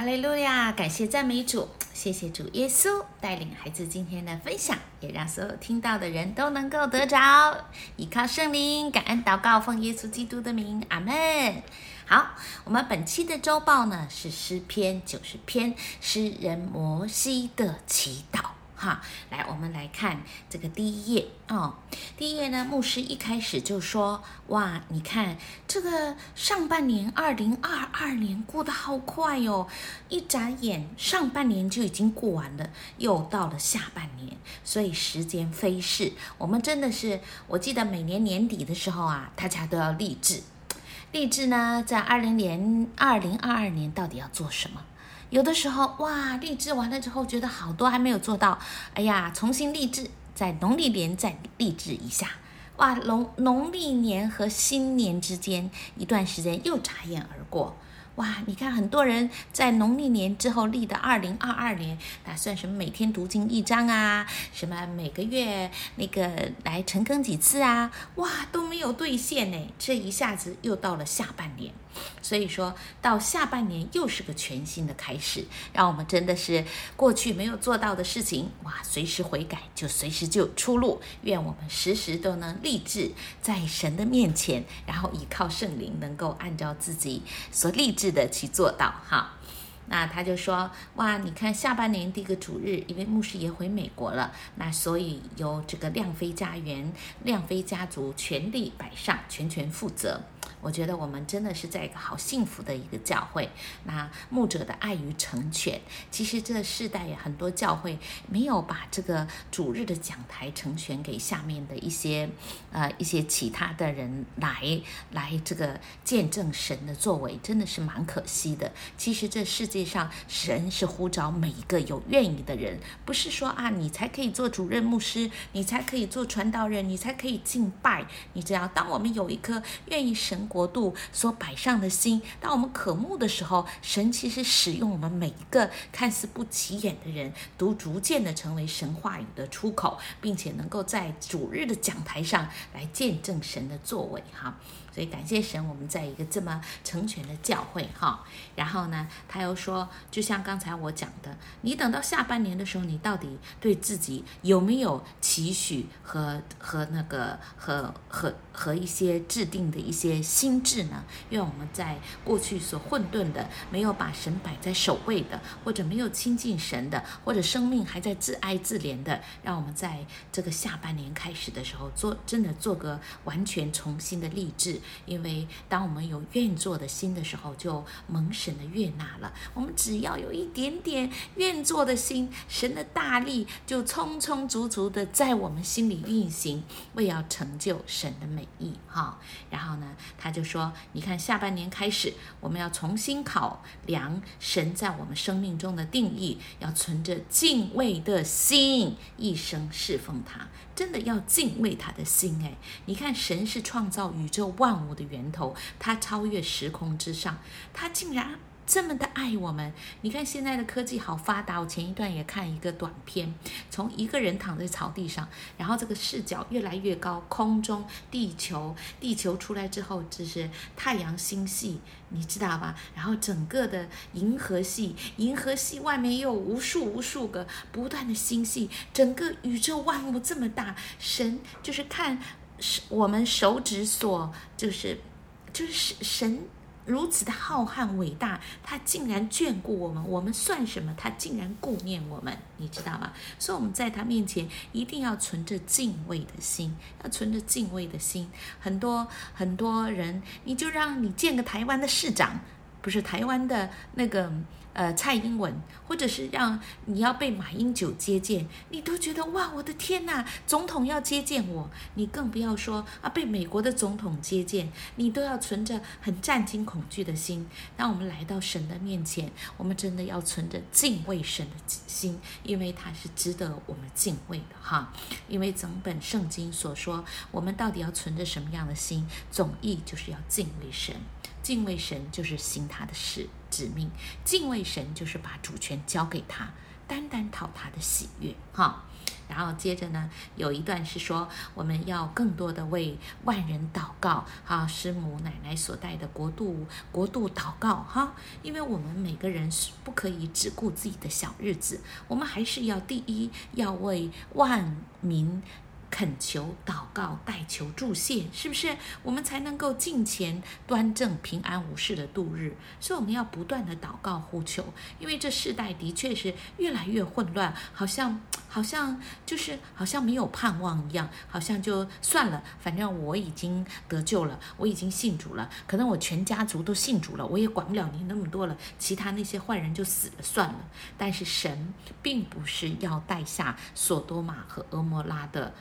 哈利路亞，感謝讚美主，謝謝主耶穌帶領孩子今天的分享，也讓所有聽到的人都能夠得着，依靠聖靈，感恩禱告，奉耶穌基督的名，阿門。好，我們本期的週報呢是詩篇九十篇詩人摩西的祈禱。哈，來，我們來看這個第一頁哦。第一頁呢，牧師一開始就說：“哇，你看這個上半年，二零二二年過得好快喲、哦，一眨眼上半年就已經過完了，又到了下半年，所以時間飛逝。我們真的是，我記得每年年底的時候啊，大家都要立志，立志呢，在二零年、二零二二年到底要做什麼？”有的時候，哇，立志完了之後，覺得好多還沒有做到，哎呀，重新立志，在農曆年再立志一下，哇，農農曆年和新年之間一段時間又眨眼而過，哇，你看很多人在農曆年之後立的2022年，打算什麼每天讀經一章啊，什麼每個月那個來晨更幾次啊，哇，都沒有兌現呢，這一下子又到了下半年。所以說到下半年又是個全新的開始，讓我們真的是過去沒有做到的事情，哇，隨時悔改就隨時就有出路。願我們時時都能立志在神的面前，然後依靠聖靈，能夠按照自己所立志的去做到哈。那他就說，哇，你看下半年第一個主日，因為牧師爺回美國了，那所以由這個亮飛家園、亮飛家族全力擺上，全權負責。我覺得我們真的是在一個好幸福的一個教會。那牧者的愛與成全，其實這世代很多教會沒有把這個主日的講台成全給下面的一些，呃，一些其他的人來來這個見證神的作為，真的是蠻可惜的。其實這世界上神是呼召每一個有願意的人，不是說啊，你才可以做主任牧師，你才可以做傳道人，你才可以敬拜。你只要當我們有一顆願意神。國度所擺上的心，當我們渴慕的時候，神其實使用我們每一個看似不起眼的人，都逐漸地成為神話語的出口，並且能夠在主日的講台上來見證神的作為，哈。所以感謝神，我們在一個這麼成全的教會哈。然後呢，他又說，就像剛才我講的，你等到下半年的時候，你到底對自己有沒有期許和和那個和和和一些制定的一些心智呢？因為我們在過去所混沌的、沒有把神擺在首位的，或者沒有親近神的，或者生命還在自哀自憐的，讓我們在這個下半年開始的時候，做真的做個完全重新的立志。因為當我們有願做的心的時候，就蒙神的悅納了。我們只要有一點點願做的心，神的大力就充充足足的在我們心裡運行，為要成就神的美意。哈、哦，然後呢，他就說：“你看，下半年開始，我們要重新考量神在我們生命中的定義，要存着敬畏的心，一生事奉他。”真的要敬畏他的心哎！你看，神是創造宇宙萬物的源頭，他超越時空之上，他竟然。這麼的愛我們，你看現在的科技好發達。我前一段也看一個短片，從一個人躺在草地上，然後這個視角越來越高，空中地球，地球出來之後就是太陽星系，你知道吧？然後整個的銀河系，銀河系外面又有無數無數個不斷的星系，整個宇宙萬物這麼大，神就是看我們手指所就是就是神。如此的浩瀚偉大，他竟然眷顧我們，我們算什麼？他竟然顧念我們，你知道嗎？所以我們在他面前一定要存着敬畏的心，要存着敬畏的心。很多很多人，你就讓你見個台灣的市長，不是台灣的那個。呃，蔡英文，或者是讓你要被馬英九接見，你都覺得哇，我的天哪、啊，總統要接見我，你更不要說啊，被美國的總統接見，你都要存着很戰驚恐懼的心。當我們來到神的面前，我們真的要存着敬畏神的心，因為他是值得我們敬畏的哈。因為整本聖經所說，我們到底要存着什麼樣的心，總意就是要敬畏神，敬畏神就是行他的事。指命敬畏神，就是把主權交給他，單單討他的喜悅哈。然後接着呢，有一段是說，我們要更多的為萬人禱告哈，師母奶奶所帶的國度國度禱告哈，因為我們每個人是不可以只顧自己的小日子，我們還是要第一要為萬民。懇求、禱告、代求、祝謝，是不是我們才能夠敬虔端正、平安無事的度日？所以我們要不斷的禱告呼求，因為這世代的確是越來越混亂，好像好像就是好像沒有盼望一樣，好像就算了，反正我已經得救了，我已經信主了，可能我全家族都信主了，我也管不了你那麼多了，其他那些壞人就死了算了。但是神並不是要帶下所多瑪和蛾摩拉的。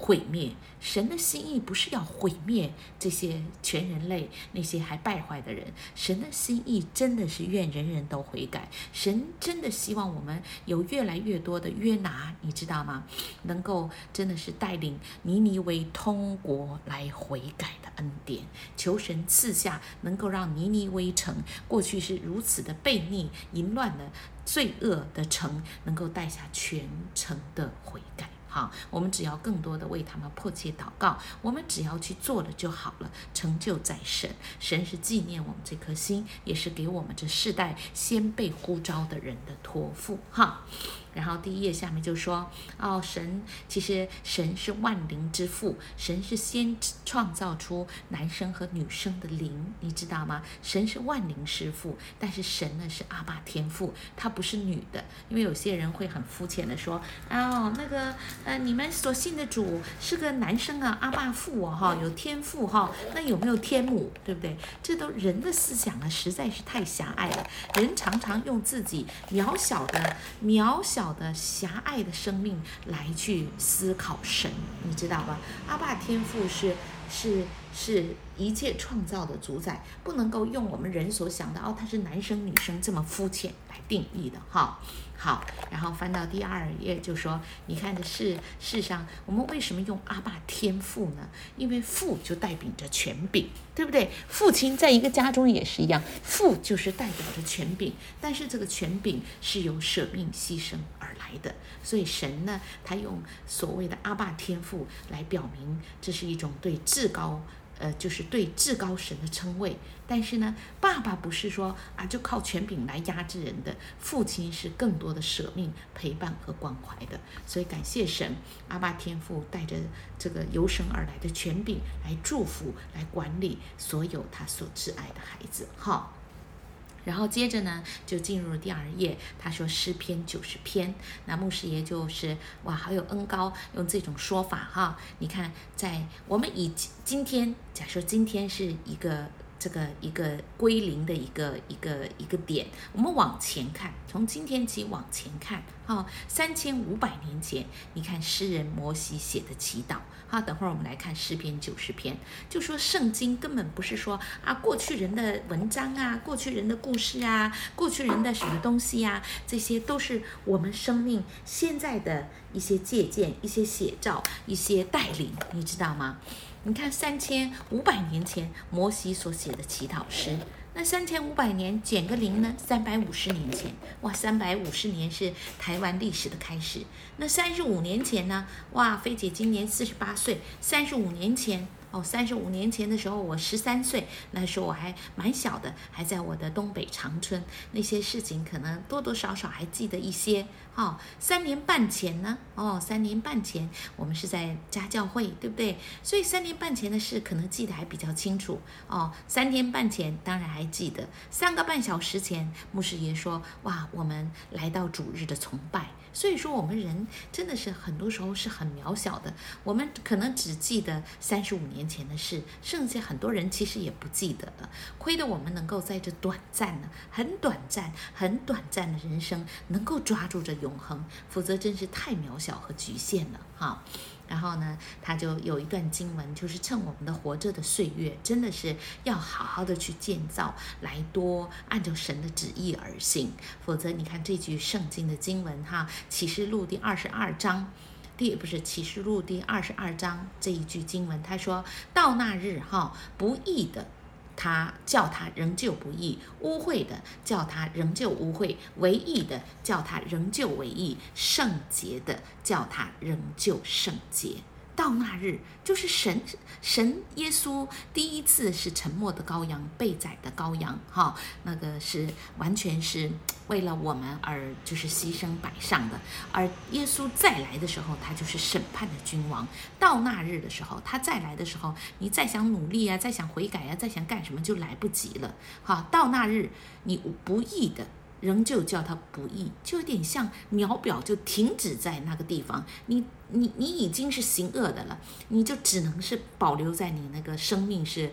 毀滅，神的心意不是要毀滅這些全人類那些還敗壞的人，神的心意真的是願人人都悔改。神真的希望我們有越來越多的約拿，你知道嗎？能夠真的是帶領尼尼微通國來悔改的恩典。求神賜下能夠讓尼尼微城過去是如此的悖逆淫亂的罪惡的城，能夠帶下全城的悔改。好，我們只要更多的為他們迫切禱告，我們只要去做了就好了。成就在神，神是紀念我們這顆心，也是給我們這世代先被呼召的人的托付。哈。然後第一頁下面就說哦，神其實神是萬靈之父，神是先創造出男生和女生的靈，你知道嗎？神是萬靈之父，但是神呢是阿爸天父，他不是女的，因為有些人會很膚淺的說哦，那個呃，你們所信的主是個男生啊，阿爸父哈、啊，有天父哈、啊，那有沒有天母，對不對？這都人的思想啊，實在是太狹隘了。人常常用自己渺小的渺小。好的狹隘的生命來去思考神，你知道吧？阿爸天父是是是一切創造的主宰，不能夠用我們人所想的哦，他是男生女生這麼膚淺來定義的哈。好，然後翻到第二頁，就說你看的世世上，我們為什麼用阿爸天父呢？因為父就代表着權柄，對不對？父親在一個家中也是一樣，父就是代表着權柄，但是這個權柄是由捨命犧牲而來的，所以神呢，他用所謂的阿爸天父來表明，這是一種對至高。呃，就是對至高神的稱謂，但是呢，爸爸不是說啊，就靠權柄來壓制人的，父親是更多的捨命陪伴和關懷的，所以感謝神，阿爸天父帶着這個由神而來的權柄來祝福、來管理所有他所摯愛的孩子，好。然後接着呢，就進入了第二頁。他說：“詩篇九十篇。”那摩西爺就是哇，好有恩膏，用這種說法哈。你看在，在我們以今天，假設今天是一個。這個一個歸零的一個一個一個點，我們往前看，從今天起往前看，哈、哦，三千五百年前，你看詩人摩西寫的祈禱，哈、哦，等會兒我們來看詩篇九十篇，就說聖經根本不是說啊，過去人的文章啊，過去人的故事啊，過去人的什麼東西呀、啊，這些都是我們生命現在的一些借鑒、一些寫照、一些帶領，你知道嗎？你看，三千五百年前，摩西所寫的祈禱詩。那三千五百年減個零呢？三百五十年前，哇，三百五十年是台灣歷史的開始。那三十五年前呢？哇，菲姐今年四十八歲，三十五年前哦，三十五年前的時候我十三歲，那時候我還蠻小的，還在我的東北長春，那些事情可能多多少少還記得一些。哦，三年半前呢？哦，三年半前我們是在家教會，對不對？所以三年半前的事可能記得還比較清楚。哦，三年半前當然還記得。三個半小時前，牧師也說：“哇，我們來到主日的崇拜。”所以說我們人真的是很多時候是很渺小的。我們可能只記得三十五年前的事，剩下很多人其實也不記得了。虧得我們能夠在這短暫的、很短暫、很短暫的人生，能夠抓住這有。永恆，否則真是太渺小和局限了哈。然後呢，他就有一段經文，就是趁，我們的活着的歲月，真的是要好好的去建造，來多按照神的旨意而行。否則，你看這句聖經的經文哈，《啟示錄》第二十二章第，不是，《啟示錄》第二十二章這一句經文，他說到那日哈，不義的，他叫他仍舊不義，污穢的叫他仍舊污穢，為義的叫他仍舊為義，聖潔的叫他仍舊聖潔。到那日，就是神神耶穌第一次是沉默的羔羊，被宰的羔羊，哈、哦，那個是完全是為了我們而就是犧牲擺上的。而耶穌再來的時候，他就是審判的君王。到那日的時候，他再來的時候，你再想努力啊，再想悔改啊，再想幹什麼就來不及了，哈、哦。到那日，你不義的，仍舊叫他不義，就有點像秒表就停止在那個地方。你、你、你已經是行惡的了，你就只能是保留在你那個生命是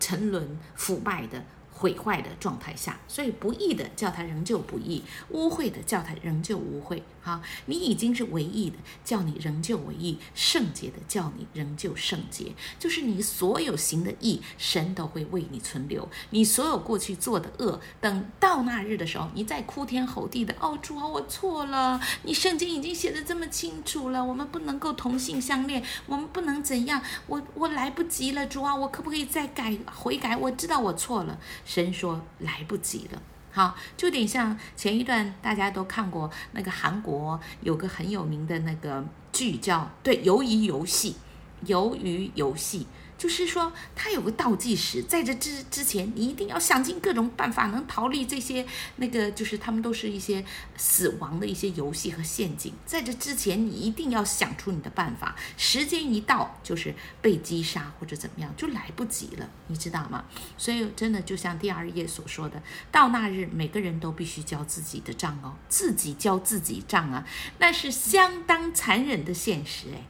沉淪、腐敗的、毀壞的狀態下。所以不義的叫他仍舊不義，污穢的叫他仍舊污穢。好，你已經是唯一的，叫你仍舊唯一；聖潔的，叫你仍舊聖潔。就是你所有行的義，神都會為你存留；你所有過去做的惡，等到那日的時候，你再哭天吼地的，哦，主啊，我錯了！你聖經已經寫得這麼清楚了，我們不能夠同性相戀，我們不能怎樣？我我來不及了，主啊，我可不可以再改，悔改？我知道我錯了，神說，來不及了。好，就有點像前一段大家都看過那個韓國有個很有名的那個劇叫，對，魷魚遊戲、魷魚遊戲。就是說，他有個倒計時，在這之之前，你一定要想盡各種辦法能逃離這些那個，就是他們都是一些死亡的一些遊戲和陷阱。在這之前，你一定要想出你的辦法。時間一到，就是被擊殺或者怎麼樣，就來不及了，你知道嗎？所以，真的就像第二頁所說的，到那日，每個人都必須交自己的賬哦，自己交自己賬啊，那是相當殘忍的現實誒、哎。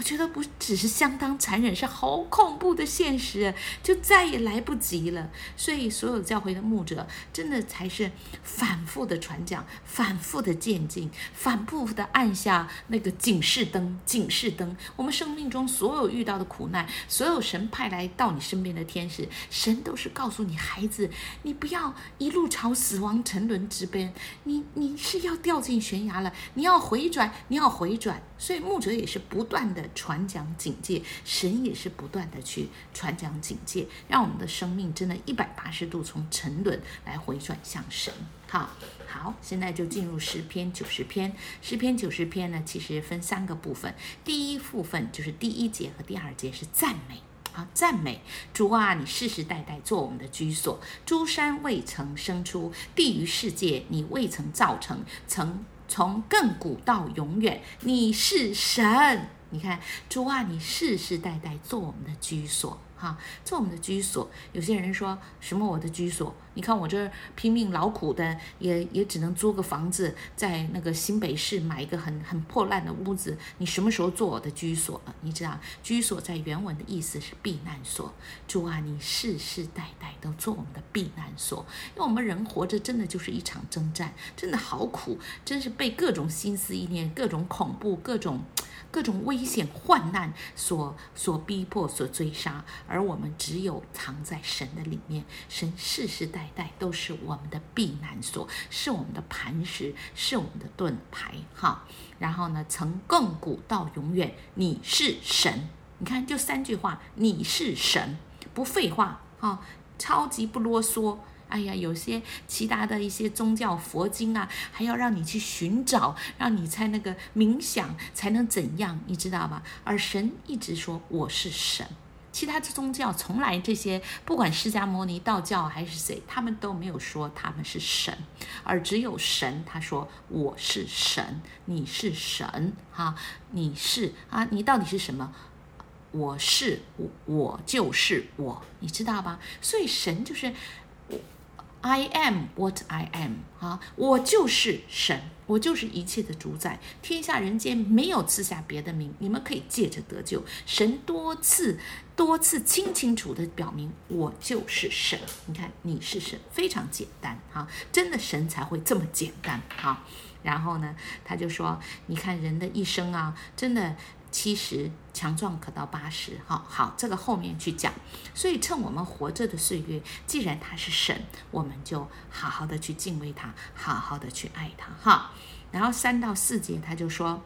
我覺得不只是相當殘忍，是好恐怖的現實，就再也來不及了。所以，所有教會的牧者真的才是反覆的傳講、反覆的漸進、反覆的按下那個警示燈、警示燈。我們生命中所有遇到的苦難，所有神派來到你身邊的天使，神都是告訴你孩子，你不要一路朝死亡沉淪之邊，你你是要掉進懸崖了，你要回轉，你要回轉。所以，牧者也是不斷的。傳講警戒，神也是不斷地去傳講警戒，讓我們的生命真的一百八十度從沉淪來回轉向神。好，好，現在就進入詩篇九十篇，詩篇九十篇呢，其實分三個部分。第一部分就是第一節和第二節是讚美啊，讚美主啊，你世世代代做我們的居所，諸山未曾生出，地與世界你未曾造成，曾從亘古到永遠，你是神。你看，主啊，你世世代代做我們的居所哈，做我們的居所。有些人說，什麼我的居所？你看我這拼命勞苦的，也也只能租個房子，在那個新北市買一個很很破爛的屋子。你什麼時候做我的居所了？你知道，居所在原文的意思是避難所。主啊，你世世代代都做我們的避難所，因為我們人活着真的就是一場征戰，真的好苦，真是被各種心思意念、各種恐怖、各種。各種危險患難所所逼迫、所追殺，而我們只有藏在神的裡面，神世世代代都是我們的避難所，是我們的磐石，是我們的盾牌，哈。然後呢，從亙古到永遠，你是神。你看，就三句話，你是神，不廢話，哈，超級不囉嗦。哎呀，有些其他的一些宗教佛經啊，還要讓你去尋找，讓你猜那個冥想才能怎樣，你知道吧？而神一直說我是神，其他的宗教從來這些不管釋迦牟尼、道教還是誰，他們都沒有說他們是神，而只有神他說我是神，你是神，哈、啊，你是啊，你到底是什麼？我是我，我就是我，你知道吧？所以神就是。I am what I am 啊，我就是神，我就是一切的主宰，天下人間沒有賜下別的名，你們可以借着得救。神多次多次清清楚的表明，我就是神。你看你是神，非常簡單啊，真的神才會這麼簡單啊。然後呢，他就說，你看人的一生啊，真的其實。強壯可到八十，好好這個後面去講。所以趁我們活着的歲月，既然他是神，我們就好好的去敬畏他，好好的去愛他。哈，然後三到四節他就說，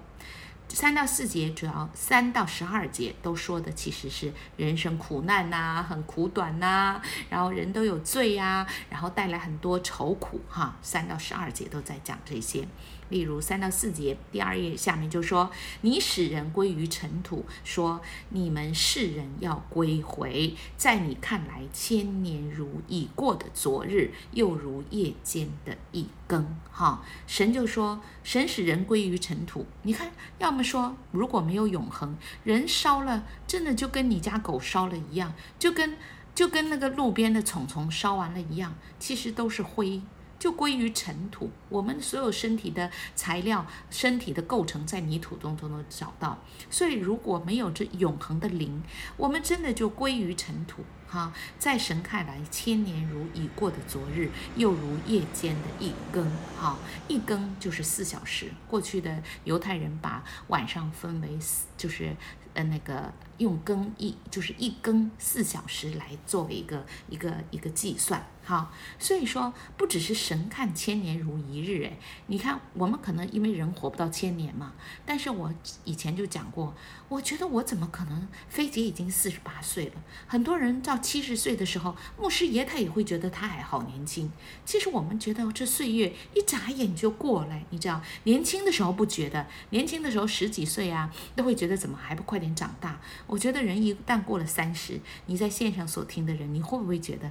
三到四節主要三到十二節都說的其實是人生苦難吶、啊，很苦短吶、啊，然後人都有罪呀、啊，然後帶來很多愁苦。哈，三到十二節都在講這些。例如三到四節第二頁下面就說：“你使人歸於塵土，說你們世人要歸回，在你看來千年如已過的昨日，又如夜間的一更。哦”哈，神就說：“神使人歸於塵土。”你看，要麼說如果沒有永恆，人燒了，真的就跟你家狗燒了一樣，就跟就跟那個路邊的蟲蟲燒完了一樣，其實都是灰。就歸於塵土，我們所有身體的材料、身體的構成，在泥土中都能找到。所以，如果沒有這永恆的靈，我們真的就歸於塵土。哈、哦，在神看來，千年如已過的昨日，又如夜間的一更。哈、哦，一更就是四小時。過去的猶太人把晚上分為四，就是呃，那個用更一，就是一更四小時來作為一個一個一個計算。好，所以說不只是神看千年如一日，誒，你看我們可能因為人活不到千年嘛。但是我以前就講過，我覺得我怎麼可能？菲姐已經四十八歲了，很多人到七十歲的時候，牧師爺他也會覺得他還好年輕。其實我們覺得這歲月一眨眼就過來，你知道，年輕的時候不覺得，年輕的時候十幾歲啊，都會覺得怎麼還不快點長大？我覺得人一旦過了三十，你在線上所聽的人，你會不會覺得？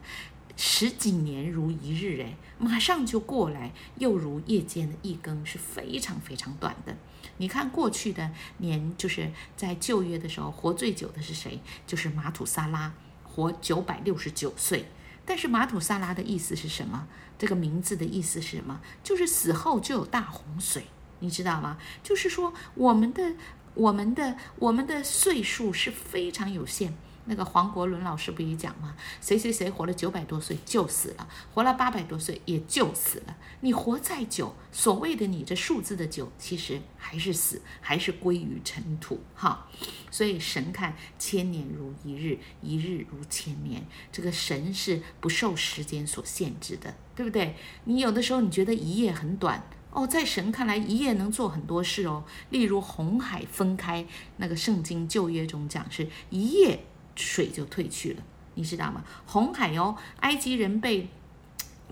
十幾年如一日，哎，馬上就過來，又如夜間的一更，是非常非常短的。你看過去的年，就是在舊約的時候，活最久的是誰？就是瑪土撒拉，活九百六十九歲。但是瑪土撒拉的意思是什麼？這個名字的意思是什麼？就是死後就有大洪水，你知道嗎？就是說我們的、我們的、我們的歲數是非常有限。那個黃國倫老師不也講嗎？誰誰誰活了九百多歲就死了，活了八百多歲也就死了。你活再久，所謂的你這數字的久，其實還是死，還是歸於塵土哈、哦。所以神看千年如一日，一日如千年。這個神是不受時間所限制的，對不對？你有的時候你覺得一夜很短哦，在神看來一夜能做很多事哦。例如紅海分開，那個聖經舊約中講是一夜。水就退去了，你知道嗎？紅海哦，埃及人被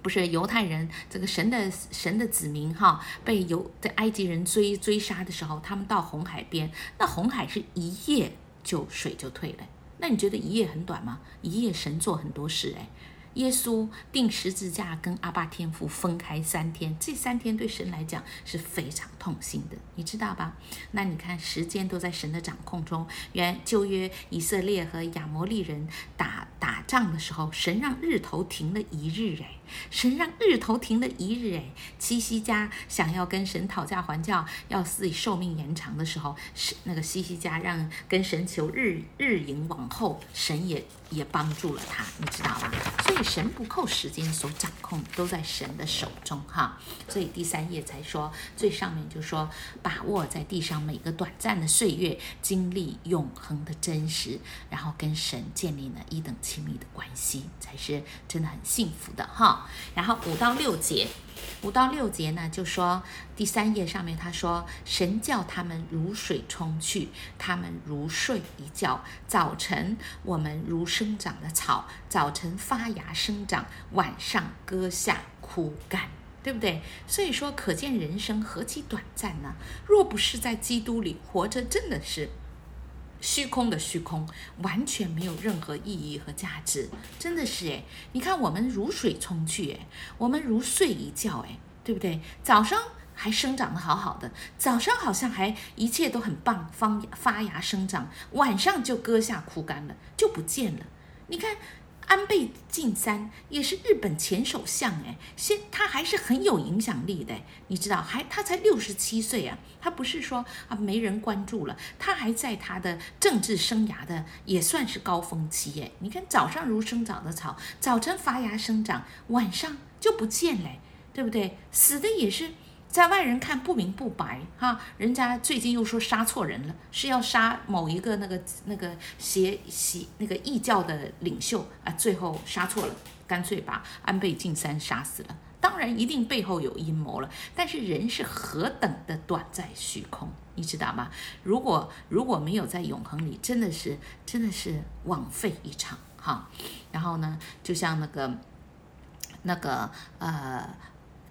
不是猶太人，這個神的神的子民哈，被猶在埃及人追追殺的時候，他們到紅海邊，那紅海是一夜就水就退了。那你覺得一夜很短嗎？一夜神做很多事哎。耶穌釘十字架，跟阿爸天父分開三天，這三天對神來講是非常痛心的，你知道吧？那你看，時間都在神的掌控中。原舊約以色列和亞摩利人打打仗的時候，神讓日頭停了一日誒，誒神讓日頭停了一日誒，哎，希西家想要跟神討價還價，要自己壽命延長的時候，是那個希西家讓跟神求日日影往後，神也也幫助了他，你知道吧？所以神不扣時間所掌控，都在神的手中哈。所以第三頁才說，最上面就說把握在地上每個短暫的歲月，經歷永恆的真實，然後跟神建立了一等親密的關係，才是真的很幸福的哈。然後五到六節，五到六節呢，就說第三頁上面他說，神叫他們如水沖去，他們如睡一覺。早晨我們如生長的草，早晨發芽生長，晚上割下枯乾，對不對？所以說，可見人生何其短暫呢？若不是在基督裡活着，真的是。虛空的虛空，完全沒有任何意義和價值，真的是誒，你看，我們如水沖去，誒，我們如睡一覺，誒，對不對？早上還生長得好好的，早上好像還一切都很棒，發發芽生長，晚上就割下枯乾了，就不見了。你看。安倍晉三也是日本前首相哎，現他還是很有影響力的，你知道？還他才六十七歲啊，他不是說啊沒人關注了，他還在他的政治生涯的也算是高峰期哎。你看早上如生長的草，早晨發芽生長，晚上就不見了，對不對？死的也是。在外人看不明不白哈，人家最近又說殺錯人了，是要殺某一個那個那個邪邪那個異教的領袖啊，最後殺錯了，乾脆把安倍晉三殺死了。當然一定背後有陰謀了，但是人是何等的短暫虛空，你知道嗎？如果如果沒有在永恆裡，真的是真的是枉費一場哈。然後呢，就像那個那個呃。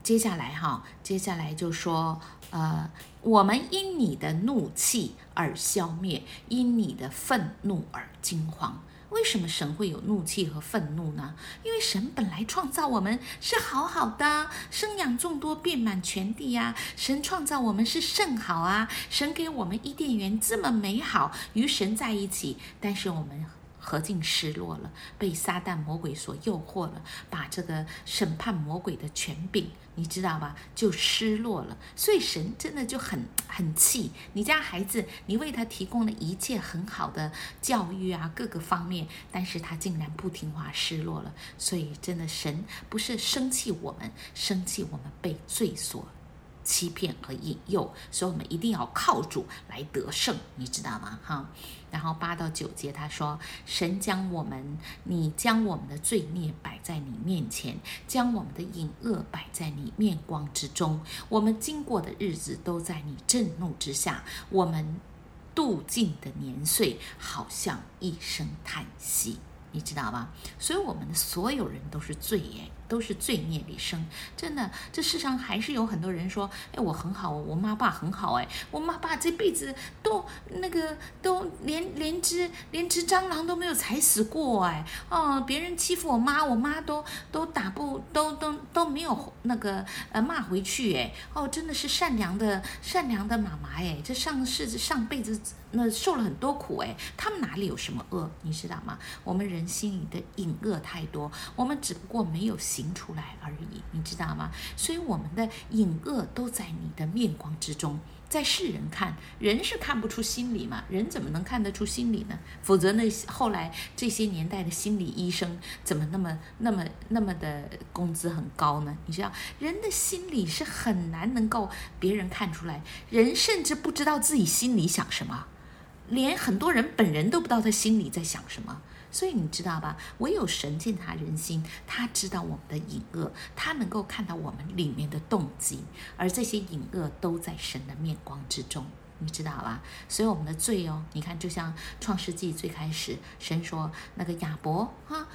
接下來哈，接下來就說，呃，我們因你的怒氣而消滅，因你的憤怒而驚慌。為什麼神會有怒氣和憤怒呢？因為神本來創造我們是好好的，生養眾多，遍滿全地呀、啊。神創造我們是甚好啊，神給我們伊甸園這麼美好，與神在一起。但是我們何竟失落了，被撒旦魔鬼所誘惑了，把這個審判魔鬼的權柄。你知道吧？就失落了，所以神真的就很很氣你家孩子，你為他提供了一切很好的教育啊，各個方面，但是他竟然不聽話，失落了。所以真的神不是生氣我們，生氣我們被罪所欺騙和引誘，所以我們一定要靠主來得勝，你知道嗎？哈。然後八到九節，他說：“神將我們，你將我們的罪孽擺在你面前，將我們的隱惡擺在你面光之中。我們經過的日子都在你震怒之下，我們度盡的年歲好像一聲嘆息，你知道吧？所以，我們的所有人都是罪人。”都是罪孽一生，真的，這世上還是有很多人說，哎，我很好，我媽爸很好、欸，哎，我媽爸這輩子都那個都連連只連只蟑螂都沒有踩死過、欸，哎，哦，別人欺負我媽，我媽都都打不都都都沒有那個呃罵回去、欸，哎，哦，真的是善良的善良的媽媽、欸，哎，這上世子上輩子。那受了很多苦誒，他們哪裡有什麼惡？你知道嗎？我們人心裡的隱惡太多，我們只不過沒有行出來而已，你知道嗎？所以我們的隱惡都在你的面光之中，在世人看人是看不出心理嘛，人怎麼能看得出心理呢？否則那些後來這些年代的心理醫生怎麼那麼那麼那麼的工資很高呢？你知道，人的心理是很難能夠別人看出來，人甚至不知道自己心裡想什麼。連很多人本人都不知道他心裡在想什麼，所以你知道吧？唯有神鑒察人心，他知道我們的隱惡，他能夠看到我們裡面的動機，而這些隱惡都在神的面光之中，你知道吧？所以我們的罪哦，你看就像創世紀最開始，神說那個亞伯哈，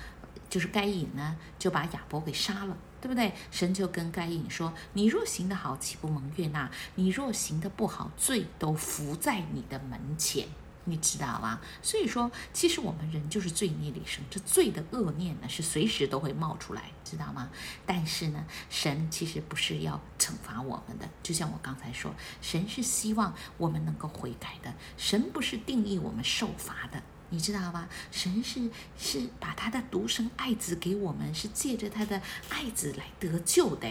就是該隱呢，就把亞伯給殺了，對不對？神就跟該隱說：“你若行得好，豈不蒙悅納？你若行得不好，罪都伏在你的門前。”你知道嗎？所以說，其實我們人就是罪孽裡生，這罪的惡念呢，是隨時都會冒出來，知道嗎？但是呢，神其實不是要懲罰我們的，就像我剛才說，神是希望我們能夠悔改的，神不是定義我們受罰的，你知道嗎？神是是把他的獨生愛子給我們，是借着他的愛子來得救的。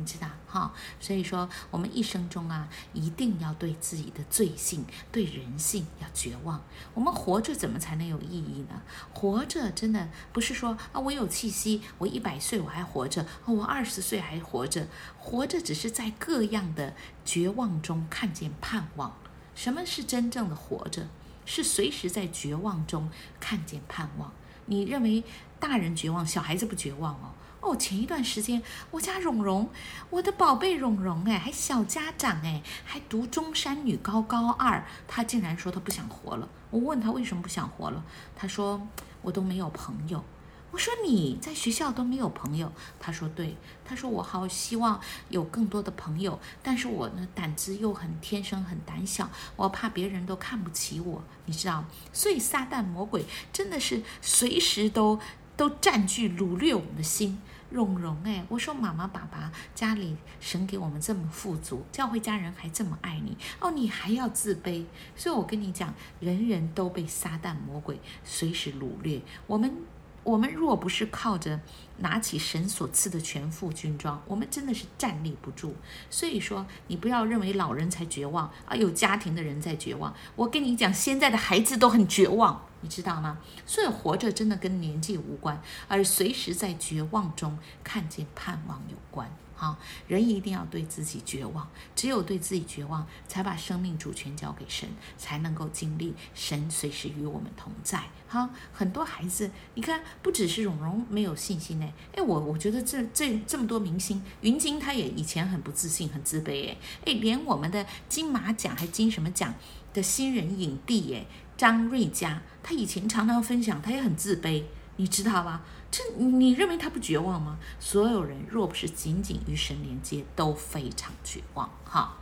你知道哈，哦，所以說我們一生中啊，一定要對自己的罪性、對人性要絕望。我們活着怎麼才能有意義呢？活着真的不是說啊，我有氣息，我一百歲我還活着，啊，我二十歲還活着。活着只是在各樣的絕望中看見盼望。什麼是真正的活着？是隨時在絕望中看見盼望。你認為大人絕望，小孩子不絕望哦？哦，前一段時間，我家蓉蓉，我的寶貝蓉蓉，哎，還小家長，哎，還讀中山女高高二，她竟然說她不想活了。我問她為什麼不想活了，她說，我都沒有朋友。我說，你在學校都沒有朋友？她說對，她說，我好希望有更多的朋友，但是我呢膽子又很天生很膽小，我怕別人都看不起我，你知道嗎？所以撒旦魔鬼真的是隨時都。都佔據、擄掠我們的心，榮榮哎！我說媽媽、爸爸，家裡神給我們這麼富足，教會家人還這麼愛你，哦，你還要自卑？所以我跟你講，人人都被撒旦魔鬼隨時擄掠。我們，我們若不是靠着拿起神所賜的全副軍裝，我們真的是站立不住。所以說，你不要認為老人才絕望啊，有家庭的人在絕望。我跟你講，現在的孩子都很絕望。你知道嗎？所以活着真的跟年紀無關，而隨時在絕望中看見盼望有關。哈、哦，人一定要對自己絕望，只有對自己絕望，才把生命主權交給神，才能夠經歷神隨時與我們同在。哈、哦，很多孩子，你看，不只是蓉蓉沒有信心呢。誒，我我覺得這這這麼多明星，云晶她也以前很不自信、很自卑誒，誒，連我們的金馬獎還金什麼獎的新人影帝誒張瑞佳，他以前常常分享，他也很自卑，你知道吧？這你，你認為他不絕望嗎？所有人若不是緊緊與神連接，都非常絕望。哈，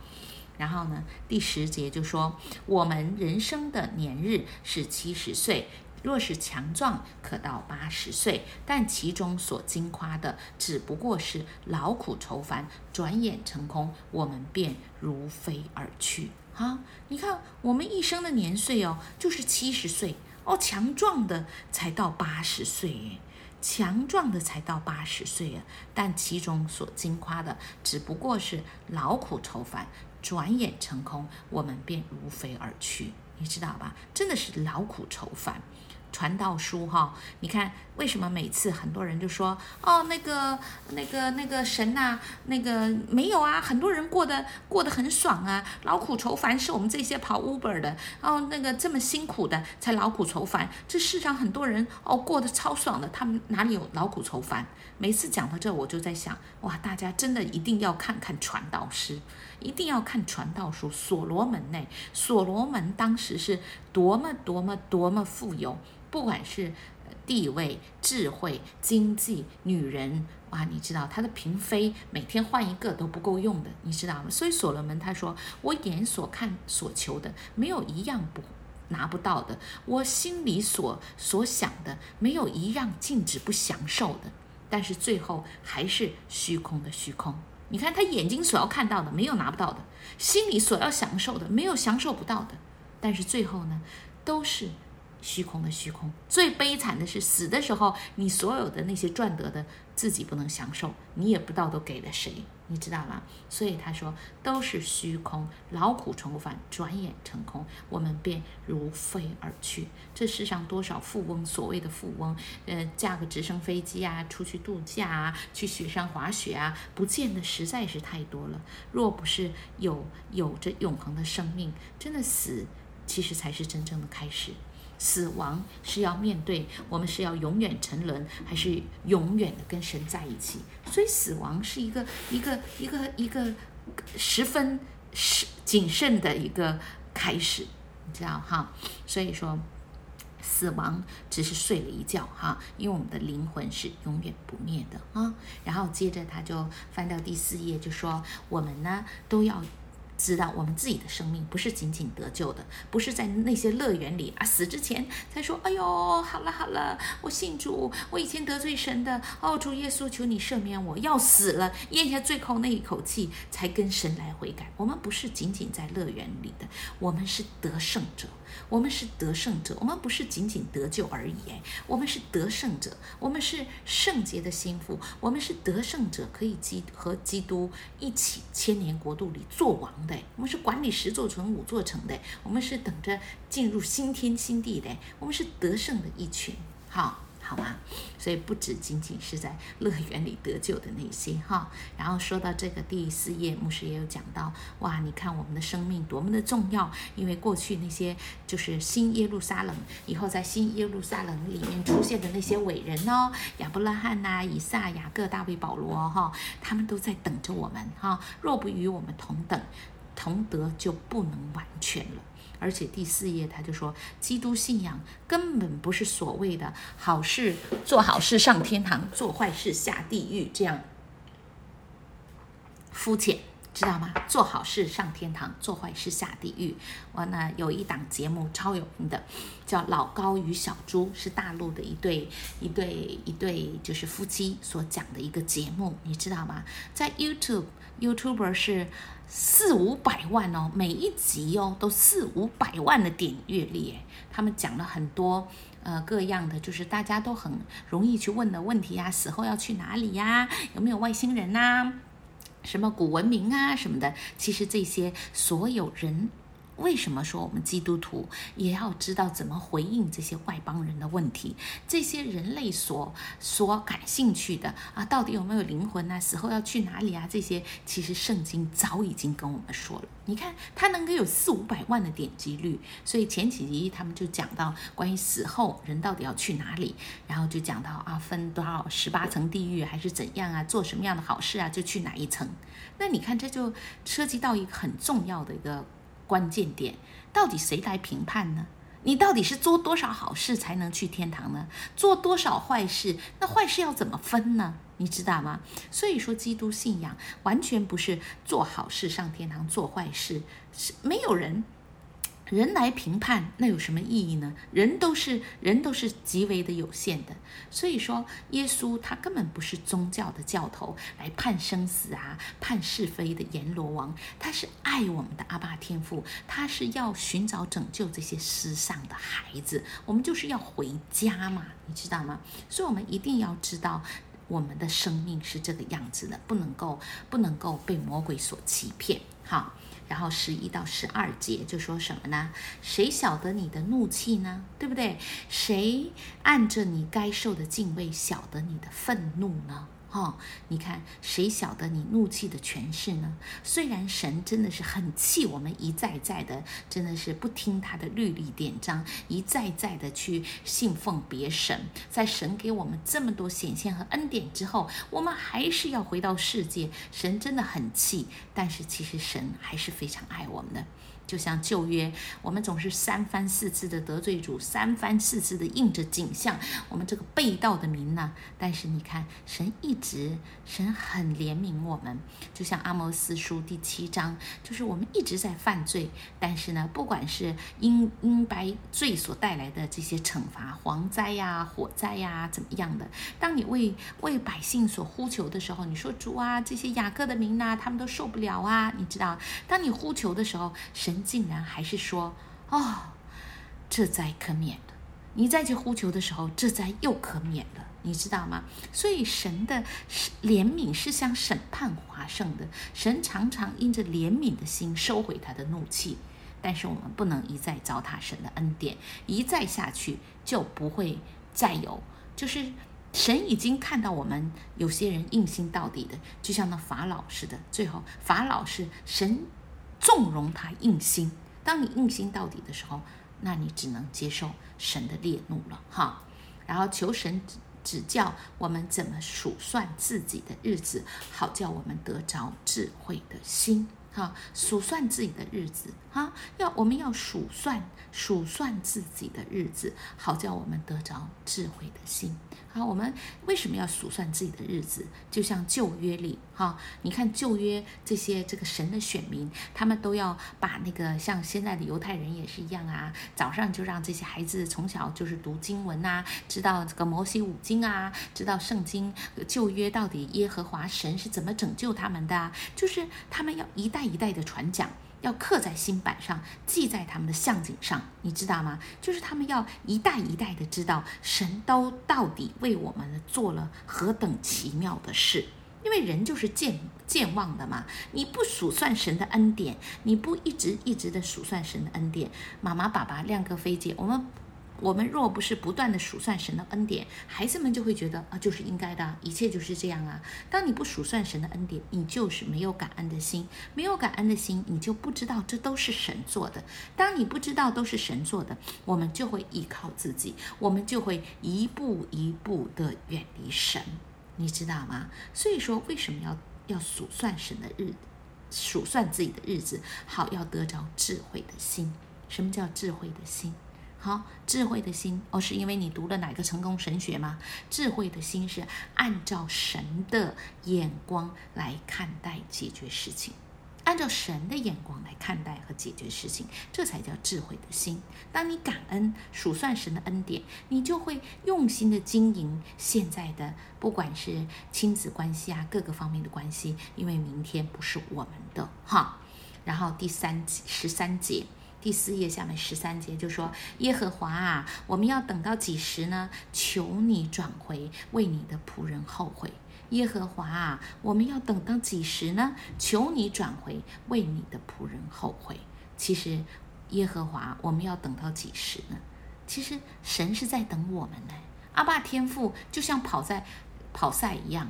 然後呢，第十節就說，我們人生的年日是七十歲，若是強壯，可到八十歲。但其中所矜誇的，只不過是勞苦愁煩，轉眼成空，我們便如飛而去。啊，你看我們一生的年歲哦，就是七十歲哦，強壯的才到八十歲耶，強壯的才到八十歲耶，但其中所矜誇的，只不過是勞苦愁煩，轉眼成空，我們便如飛而去，你知道吧？真的是勞苦愁煩。傳道書哈、哦，你看。為什麼每次很多人就說哦，那個、那個、那個神吶、啊，那個沒有啊？很多人過得過得很爽啊，勞苦愁煩是我們這些跑 Uber 的哦，那個這麼辛苦的才勞苦愁煩。這世上很多人哦過得超爽的，他們哪裡有勞苦愁煩？每次講到這，我就在想哇，大家真的一定要看看傳道師，一定要看傳道書。所羅門內，所羅門當時是多麼多麼多麼富有，不管是。地位、智慧、經濟、女人，哇，你知道她的嬪妃每天換一個都不夠用的，你知道嗎？所以所羅門他說：“我眼所看所求的，沒有一樣不拿不到的；我心裡所所想的，沒有一樣禁止不享受的。”但是最後還是虛空的虛空。你看他眼睛所要看到的，沒有拿不到的；心裡所要享受的，沒有享受不到的。但是最後呢，都是。虛空的虛空，最悲慘的是死的時候，你所有的那些賺得的，自己不能享受，你也不知道都給了誰，你知道嗎？所以他說都是虛空，勞苦愁煩，轉眼成空，我們便如飛而去。這世上多少富翁，所謂的富翁，呃，駕個直升飛機啊，出去度假啊，去雪山滑雪啊，不見得實在是太多了。若不是有有着永恆的生命，真的死，其實才是真正的開始。死亡是要面對，我們是要永遠沉淪，還是永遠的跟神在一起？所以死亡是一個一個一個一個十分十謹慎的一個開始，你知道哈？所以說，死亡只是睡了一覺哈，因為我們的靈魂是永遠不滅的啊。然後接着他就翻到第四頁，就說我們呢都要。知道我們自己的生命不是僅僅得救的，不是在那些樂園裡啊，死之前才說：“哎呦，好了好了，我信主，我以前得罪神的，哦，主耶穌，求你赦免我，要死了，嚥下最後那一口氣，才跟神來悔改。”我們不是僅僅在樂園裡的，我們是得勝者。我們是得勝者，我們不是僅僅得救而已，哎，我們是得勝者，我們是聖潔的新婦。我們是得勝者，可以基和基督一起千年國度裡做王的，我們是管理十座城五座城的，我們是等着進入新天新地的，我們是得勝的一群，好。好嗎？所以不止僅僅是在樂園裡得救的那些哈，然後說到這個第四頁，牧師也有講到，哇，你看我們的生命多麼的重要，因為過去那些就是新耶路撒冷以後，在新耶路撒冷裡面出現的那些偉人哦，亞伯拉罕吶、啊、以撒、雅各、大衛、保羅哈，他們都在等着我們哈，若不與我們同等同德，就不能完全了。而且第四頁他就說，基督信仰根本不是所謂的好事，做好事上天堂，做壞事下地獄這樣膚淺，知道嗎？做好事上天堂，做壞事下地獄。完了，有一檔節目超有名的，叫《老高與小豬》，是大陸的一對一對一對就是夫妻所講的一個節目，你知道嗎？在 YouTube，YouTuber 是。四五百萬哦，每一集哦都四五百萬的點閱率，他們講了很多呃各樣的，就是大家都很容易去問的問題啊，死後要去哪裡呀？啊？有沒有外星人吶？啊？什麼古文明啊什麼的？其實這些所有人。為什麼說我們基督徒也要知道怎麼回應這些外邦人的問題？這些人類所所感興趣的啊，到底有沒有靈魂啊？死後要去哪裡啊？這些其實聖經早已經跟我們說了。你看，它能夠有四五百萬的點擊率，所以前幾集他們就講到關於死後人到底要去哪裡，然後就講到啊，分多少十八層地獄還是怎樣啊，做什麼樣的好事啊，就去哪一層？那你看，這就涉及到一個很重要的一個。關鍵點，到底誰來評判呢？你到底是做多少好事才能去天堂呢？做多少壞事？那壞事要怎麼分呢？你知道嗎？所以說，基督信仰完全不是做好事上天堂，做壞事是沒有人。人來評判，那有什麼意義呢？人都是人都是極為的有限的，所以說耶穌他根本不是宗教的教頭來判生死啊、判是非的閻羅王，他是愛我們的阿爸天父，他是要尋找拯救這些失喪的孩子。我們就是要回家嘛，你知道嗎？所以我們一定要知道我們的生命是這個樣子的，不能夠不能夠被魔鬼所欺騙，好。然後十一到十二節就說什麼呢？誰曉得你的怒氣呢？對不對？誰按着你該受的敬畏曉得你的憤怒呢？哦，你看，誰曉得你怒氣的權勢呢？雖然神真的是很氣我們一再再的，真的是不聽他的律例典章，一再再的去信奉別神。在神給我們這麼多顯現和恩典之後，我們還是要回到世界。神真的很氣，但是其實神還是非常愛我們的。就像舊約，我們總是三番四次的得罪主，三番四次的硬著頸項。我們這個背道的民呢？但是你看，神一直神很憐憫我們。就像阿摩司書第七章，就是我們一直在犯罪，但是呢，不管是因因白罪所帶來的這些懲罰，蝗災呀、啊、火災呀、啊、怎麼樣的。當你為為百姓所呼求的時候，你說主啊，這些雅各的民吶、啊，他們都受不了啊。你知道，當你呼求的時候，神。竟然還是說：“哦，這災可免了。”你再去呼求的時候，這災又可免了，你知道嗎？所以神的憐憫是向審判誇勝的。神常常因着憐憫的心收回他的怒氣，但是我們不能一再糟蹋神的恩典，一再下去就不會再有。就是神已經看到我們有些人硬心到底的，就像那法老似的。最後，法老是神，縱容他硬心，當你硬心到底的時候，那你只能接受神的烈怒了哈。然後求神指指教我們怎麼數算自己的日子，好叫我們得着智慧的心哈。數算自己的日子哈，要我們要數算數算自己的日子，好叫我們得着智慧的心。然後我們為什麼要數算自己的日子？就像舊約裡哈，你看舊約這些這個神的選民，他們都要把那個像現在的猶太人也是一樣啊，早上就讓這些孩子從小就是讀經文啊，知道這個摩西五經啊，知道聖經舊約到底耶和華神是怎麼拯救他們的啊，就是他們要一代一代的傳講。要刻在心版上，記在他們的項頸上，你知道嗎？就是他們要一代一代的知道神都到底為我們做了何等奇妙的事，因為人就是健健忘的嘛。你不數算神的恩典，你不一直一直的數算神的恩典，媽媽、爸爸、亮哥、菲姐，我們。我們若不是不斷的數算神的恩典，孩子們就會覺得啊，就是應該的，一切就是這樣啊。當你不數算神的恩典，你就是沒有感恩的心，沒有感恩的心，你就不知道這都是神做的。當你不知道都是神做的，我們就會依靠自己，我們就會一步一步的遠離神，你知道嗎？所以說，為什麼要要數算神的日子，數算自己的日子，好要得着智慧的心。什麼叫智慧的心？好，智慧的心哦，是因為你讀了哪個成功神學嗎？智慧的心是按照神的眼光來看待解決事情，按照神的眼光來看待和解決事情，這才叫智慧的心。當你感恩數算神的恩典，你就會用心的經營現在的，不管是親子關係啊，各個方面的關係，因為明天不是我們的哈。然後第三十三節。第四頁下面十三節就說：“耶和華啊，我們要等到幾時呢？求你轉回，為你的僕人後悔。耶和華啊，我們要等到幾時呢？求你轉回，為你的僕人後悔。其實，耶和華，我們要等到幾時呢？其實，神是在等我們呢。阿爸天父就像跑在跑賽一樣，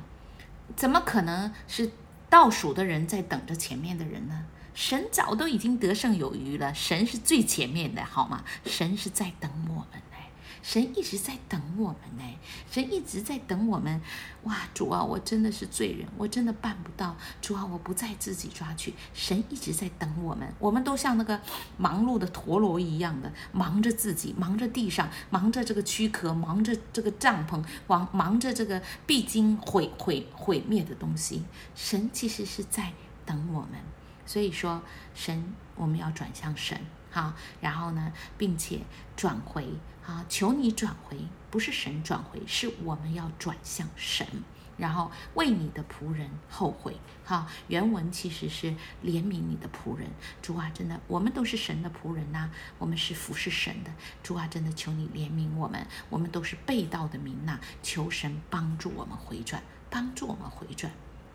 怎麼可能是倒數的人在等着前面的人呢？”神早都已經得勝有餘了，神是最前面的，好嗎？神是在等我們呢，神一直在等我們呢，神一直在等我們。哇，主啊，我真的是罪人，我真的辦不到。主啊，我不再自己抓去，神一直在等我們，我們都像那個忙碌的陀螺一樣的忙着自己，忙着地上，忙着這個軀殼，忙着這個帳篷，忙忙着這個必經毀毀毀滅的東西。神其實是在等我們。所以說，神，我們要轉向神，哈，然後呢，並且轉回，哈，求你轉回，不是神轉回，是我們要轉向神，然後為你的僕人後悔，哈，原文其實是憐憫你的僕人，主啊，真的，我們都是神的僕人吶、啊，我們是服侍神的，主啊，真的，求你憐憫我們，我們都是背道的民吶、啊，求神幫助我們回轉，幫助我們回轉。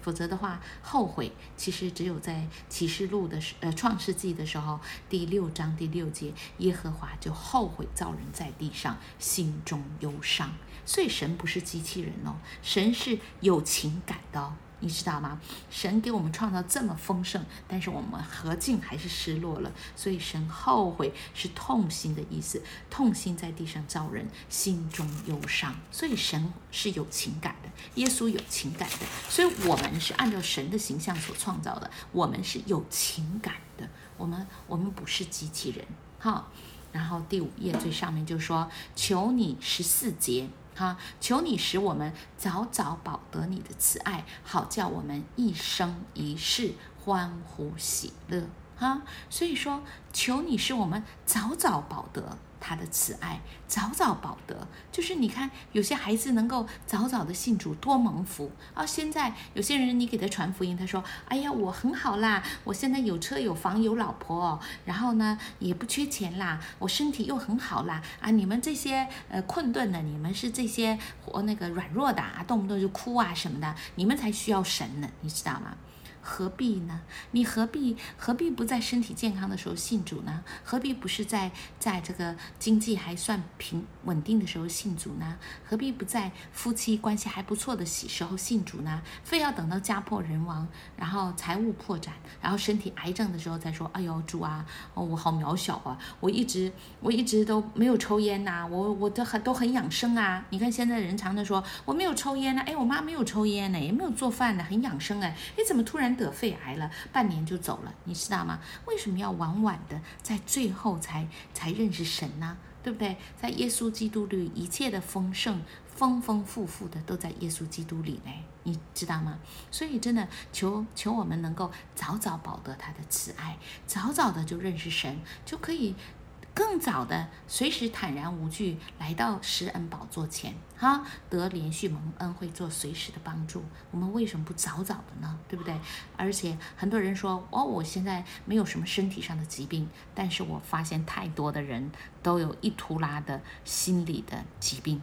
否則的話，後悔其實只有在啟示錄的時，呃，創世紀的時候第六章第六節，耶和華就後悔造人在地上，心中憂傷。所以神不是機器人哦，神是有情感的哦。你知道嗎？神給我們創造這麼豐盛，但是我們何進還是失落了，所以神後悔是痛心的意思，痛心在地上造人，心中憂傷。所以神是有情感的，耶穌有情感的，所以我們是按照神的形象所創造的，我們是有情感的，我們我們不是機器人哈。然後第五頁最上面就說，求你十四節。哈、啊，求你使我們早早飽得你的慈愛，好叫我們一生一世歡呼喜樂。哈、啊，所以說，求你使我們早早飽得。他的慈愛早早飽得，就是你看有些孩子能夠早早的信主，多蒙福啊！現在有些人你給他傳福音，他說：“哎呀，我很好啦，我現在有車有房有老婆，然後呢也不缺錢啦，我身體又很好啦啊！”你們這些呃困頓的，你們是這些活那個軟弱的啊，動不動就哭啊什麼的，你們才需要神呢，你知道嗎？何必呢？你何必何必不在身體健康的時候信主呢？何必不是在在這個經濟還算平穩定的時候信主呢？何必不在夫妻關係還不錯的喜時候信主呢？非要等到家破人亡，然後財務破產，然後身體癌症的時候才說：“哎呦，主啊、哦，我好渺小啊！我一直我一直都沒有抽菸呐、啊，我我都很都很養生啊！你看現在人常常說我沒有抽菸呢、啊，哎，我媽沒有抽菸呢、啊，也沒有做飯呢、啊啊，很養生哎、啊，哎，怎麼突然？得肺癌了，半年就走了，你知道嗎？為什麼要晚晚的在最後才才認識神呢？對不對？在耶穌基督裡，一切的豐盛、豐豐富富的都在耶穌基督裡呢。你知道嗎？所以真的，求求我們能夠早早飽得他的慈愛，早早的就認識神，就可以。更早的，隨時坦然無懼來到施恩寶座前，哈，得連續蒙恩會做隨時的幫助。我們為什麼不早早的呢？對不對？而且很多人說，哦，我現在沒有什麼身體上的疾病，但是我發現太多的人都有一突拉的心理的疾病。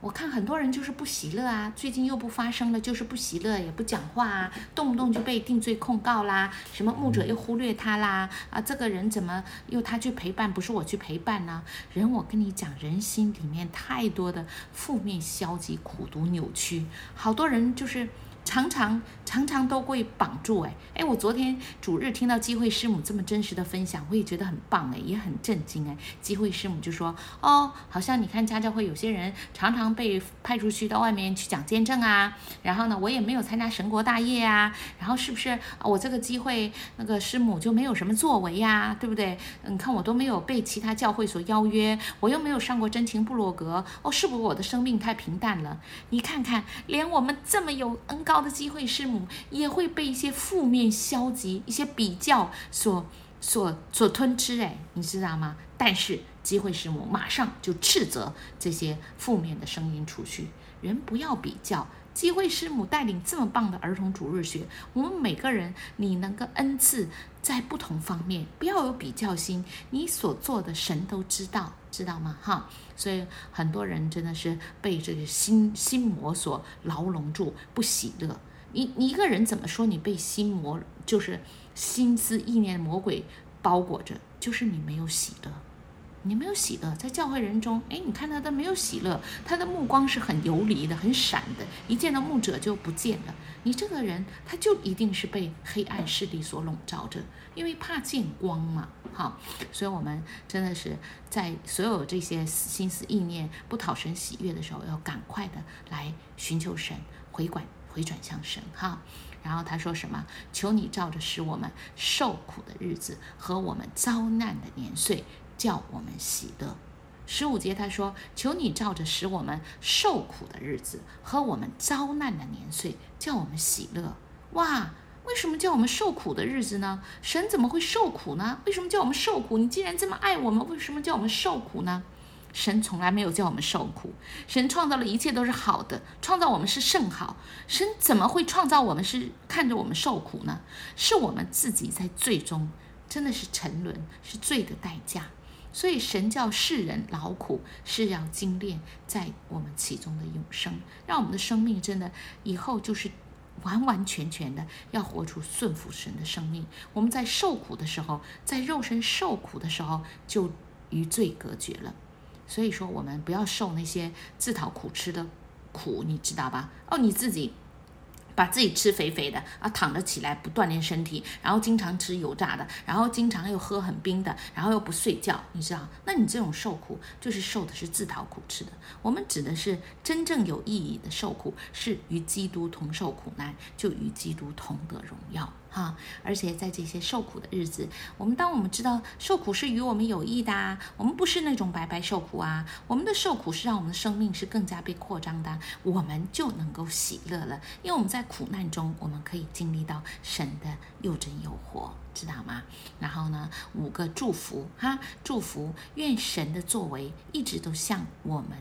我看很多人就是不喜樂啊，最近又不發聲了，就是不喜樂，也不講話啊，動不動就被定罪控告啦，什麼牧者又忽略他啦，啊，這個人怎麼又他去陪伴，不是我去陪伴呢？人，我跟你講，人心裡面太多的負面、消極、苦毒、扭曲，好多人就是。常常常常都會綁住哎哎！我昨天主日聽到機會師母這麼真實的分享，我也覺得很棒哎，也很震驚哎。機會師母就說：“哦，好像你看家教會有些人常常被派出去到外面去講見證啊，然後呢，我也沒有參加神國大業啊，然後是不是我這個機會那個師母就沒有什麼作為呀、啊？對不對？你看我都沒有被其他教會所邀約，我又沒有上過真情部落格，哦，是不是我的生命太平淡了？你看看，連我們這麼有恩膏。”的機會師母也會被一些負面、消極、一些比較所、所、所吞吃誒，你知道嗎？但是機會師母馬上就斥責這些負面的聲音出去，人不要比較。機會師母帶領這麼棒的兒童主日學，我們每個人，你能夠恩賜在不同方面，不要有比較心。你所做的，神都知道，知道嗎？哈。所以很多人真的是被這個心心魔所牢籠住，不喜樂。你，你一個人怎麼說？你被心魔就是心思意念魔鬼包裹着，就是你沒有喜樂。你沒有喜樂，在教會人中，哎，你看他都沒有喜樂，他的目光是很游離的，很閃的，一見到牧者就不見了。你這個人，他就一定是被黑暗勢力所籠罩着，因為怕見光嘛，哈。所以我們真的是在所有這些心思意念不討神喜悅的時候，要趕快的來尋求神，回管回轉向神，哈。然後他說什麼？求你照着使我們受苦的日子和我們遭難的年歲。叫我們喜樂，十五節他說：“求你照着使我們受苦的日子和我們遭難的年歲，叫我們喜樂。”哇，為什麼叫我們受苦的日子呢？神怎麼會受苦呢？為什麼叫我們受苦？你既然這麼愛我們，為什麼叫我們受苦呢？神從來沒有叫我們受苦，神創造了一切都是好的，創造我們是甚好。神怎麼會創造我們是看着我們受苦呢？是我們自己在最終真的是沉淪，是罪的代價。所以神叫世人勞苦，是要精煉在我們其中的永生，讓我們的生命真的以後就是完完全全的要活出順服神的生命。我們在受苦的時候，在肉身受苦的時候，就與罪隔絕了。所以說，我們不要受那些自討苦吃的苦，你知道吧？哦，你自己。把自己吃肥肥的啊，躺着起來不鍛鍊身體，然後經常吃油炸的，然後經常又喝很冰的，然後又不睡覺，你知道？那你這種受苦就是受的是自討苦吃的。我們指的是真正有意義的受苦，是與基督同受苦難，就與基督同得榮耀。啊！而且在這些受苦的日子，我們當我們知道受苦是與我們有益的啊，我們不是那種白白受苦啊，我們的受苦是讓我們的生命是更加被擴張的，我們就能夠喜樂了，因為我們在苦難中，我們可以經歷到神的又真又活，知道嗎？然後呢，五個祝福哈、啊，祝福願神的作為一直都向我們。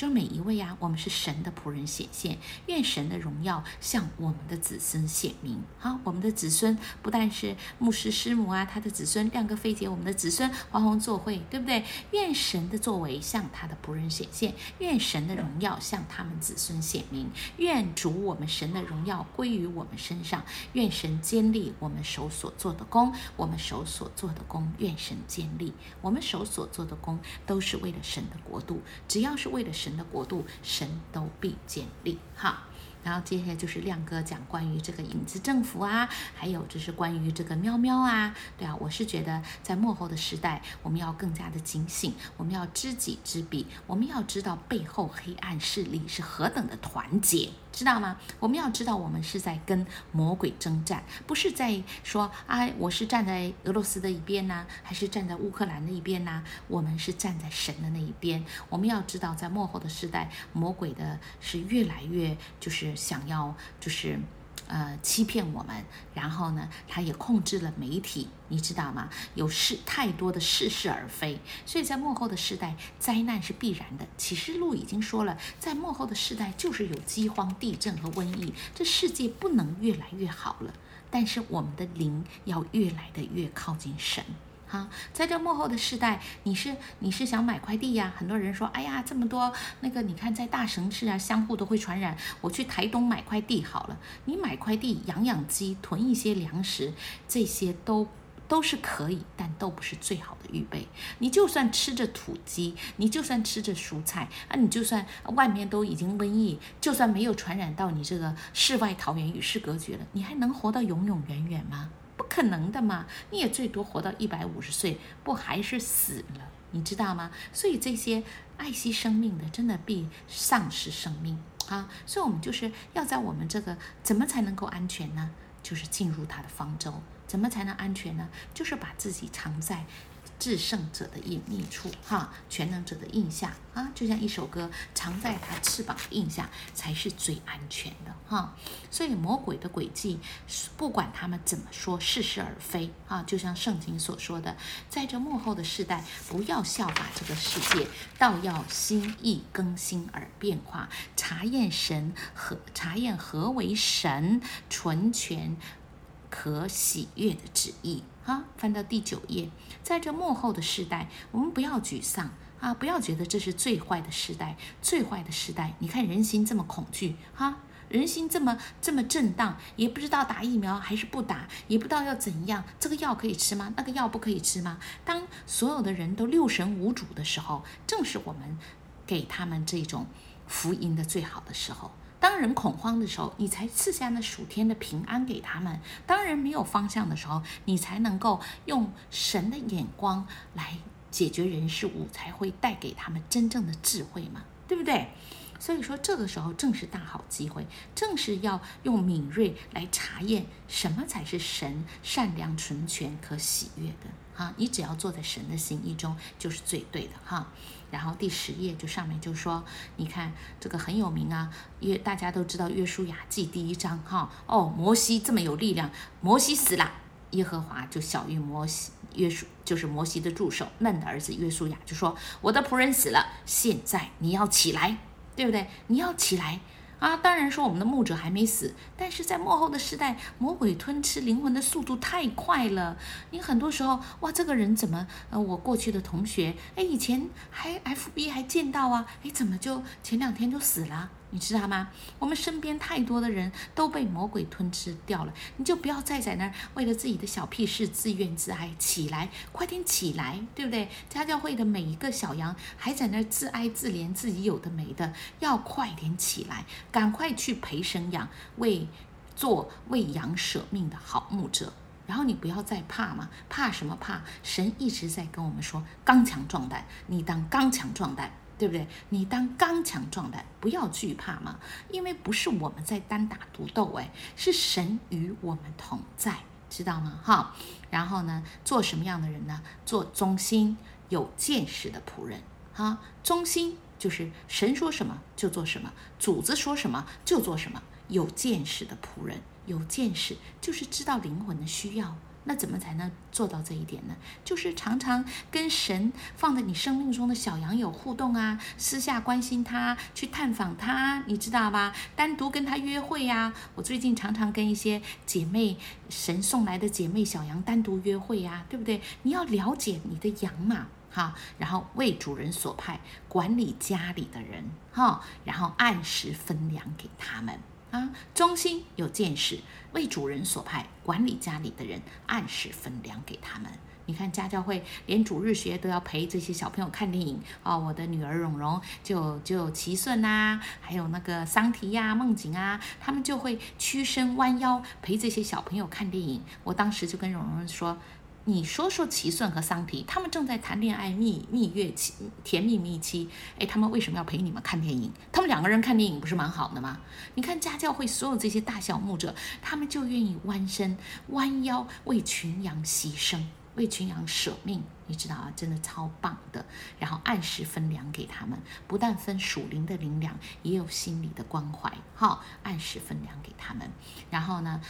就每一位呀、啊，我們是神的僕人顯現，願神的榮耀向我們的子孫顯明。好，我們的子孫不但是牧師師母啊，他的子孫亮哥費姐，我們的子孫華宏作會，對不對？願神的作為向他的僕人顯現，願神的榮耀向他們子孫顯明，願主我們神的榮耀歸於我們身上，願神堅立我們手所做的工，我們手所做的工，願神堅立我們手所做的工，都是為了神的國度，只要是為了神。神的國度，神都必建立哈。然後接下來就是亮哥講關於這個影子政府啊，還有就是關於這個喵喵啊，對啊，我是覺得在末後的時代，我們要更加的警醒，我們要知己知彼，我們要知道背後黑暗勢力是何等的團結。知道嗎？我們要知道，我們是在跟魔鬼征戰，不是在說啊，我是站在俄羅斯的一邊呢、啊，還是站在烏克蘭的一邊呢、啊？我們是站在神的那一邊。我們要知道，在末後的時代，魔鬼的是越來越就是想要就是。呃，欺騙我們，然後呢，他也控制了媒體，你知道嗎？有事太多的似是而非，所以在末後的世代，災難是必然的。啟示錄已經說了，在末後的世代就是有饑荒、地震和瘟疫，這世界不能越來越好了，但是我們的靈要越來的越靠近神。哈在這末後的世代，你是你是想買塊地呀？很多人說，哎呀，這麼多那個，你看在大城市啊，相互都會傳染。我去台東買塊地好了，你買塊地養養雞，囤一些糧食，這些都都是可以，但都不是最好的預備。你就算吃着土雞，你就算吃着蔬菜啊，你就算外面都已經瘟疫，就算沒有傳染到你這個世外桃源與世隔絕了，你還能活到永永遠遠嗎？不可能的嘛！你也最多活到一百五十歲，不還是死了？你知道嗎？所以這些愛惜生命的，真的必喪失生命啊！所以，我們就是要在我們這個怎麼才能夠安全呢？就是進入他的方舟。怎麼才能安全呢？就是把自己藏在。制勝者的隱秘處，哈，全能者的蔭下啊，就像一首歌，藏在他翅膀的蔭下，才是最安全的哈。所以魔鬼的詭計，不管他們怎麼說，似是而非啊，就像聖經所說的，在這幕後的世代，不要效法這個世界，倒要心意更新而變化，察驗神和察驗何為神純全可喜悅的旨意哈，翻到第九頁。在這末後的時代，我們不要沮喪啊！不要覺得這是最壞的時代，最壞的時代。你看人心這麼恐懼哈、啊，人心這麼這麼震盪，也不知道打疫苗還是不打，也不知道要怎樣。這個藥可以吃嗎？那個藥不可以吃嗎？當所有的人都六神無主的時候，正是我們給他們這種福音的最好的時候。當人恐慌的時候，你才賜下那屬天的平安給他們；當人沒有方向的時候，你才能夠用神的眼光來解決人事物，才會帶給他們真正的智慧嘛，對不對？所以說，這個時候正是大好機會，正是要用敏銳來查驗什麼才是神善良、純全、可喜悅的哈，你只要坐在神的心意中，就是最對的哈。然後第十頁就上面就說，你看這個很有名啊，約大家都知道《約書亞記》第一章哈，哦，摩西這麼有力量，摩西死了，耶和華就曉諭摩西，約書就是摩西的助手嫩、就是、的，的兒子約書亞就說，我的僕人死了，現在你要起來，對不對？你要起來。啊，當然說我們的牧者還沒死，但是在末後的時代，魔鬼吞吃靈魂的速度太快了。你很多時候，哇，這個人怎麼呃，我過去的同學，哎，以前還 FB 還見到啊，哎，怎麼就前兩天就死了？你知道嗎？我們身邊太多的人都被魔鬼吞吃掉了，你就不要再在那兒為了自己的小屁事自怨自艾起來，快點起來，對不對？家教會的每一個小羊還在那兒自哀自憐，自己有的沒的，要快點起來，趕快去陪神養，為做為羊捨命的好牧者。然後你不要再怕嘛，怕什麼怕？怕神一直在跟我們說剛強壯膽，你當剛強壯膽。對不對？你當剛強壯膽，不要懼怕嘛，因為不是我們在單打獨鬥，哎，是神與我們同在，知道嗎？哈，然後呢，做什麼樣的人呢？做忠心有見識的僕人，哈，忠心就是神說什麼就做什麼，主子說什麼就做什麼。有見識的僕人，有見識就是知道靈魂的需要。那怎麼才能做到這一點呢？就是常常跟神放在你生命中的小羊有互動啊，私下關心他，去探訪他，你知道吧？單獨跟他約會呀。我最近常常跟一些姐妹，神送來的姐妹小羊單獨約會呀，對不對？你要了解你的羊嘛，哈，然後為主人所派，管理家裡的人，哈，然後按時分糧給他們。啊，忠心有見識，為主人所派，管理家裡的人，按時分糧給他們。你看家教會連主日學都要陪這些小朋友看電影啊、哦！我的女兒蓉蓉就就齊順啊，還有那個桑提啊、夢景啊，他們就會屈身彎腰陪這些小朋友看電影。我當時就跟蓉蓉說。你說說齊順和桑提，他們正在談戀愛蜜蜜月期，甜蜜蜜期。誒、哎，他們為什麼要陪你們看電影？他們兩個人看電影不是蠻好的嗎？你看家教會所有這些大小牧者，他們就願意彎身彎腰為群羊犧牲，為群羊舍命。你知道啊，真的超棒的。然後按時分糧給他們，不但分屬靈的靈糧，也有心理的關懷。好、哦，按時分糧給他們。然後呢，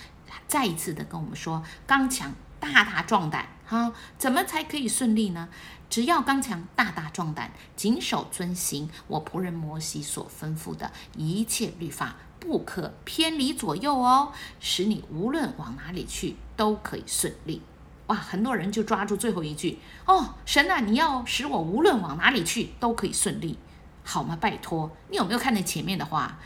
再一次的跟我們說剛強。大大壯膽，哈、啊，怎麼才可以順利呢？只要剛強，大大壯膽，謹守遵行我僕人摩西所吩咐的一切律法，不可偏離左右哦，使你無論往哪裡去都可以順利。哇，很多人就抓住最後一句哦，神啊，你要使我無論往哪裡去都可以順利，好嗎？拜託，你有沒有看見前面的話？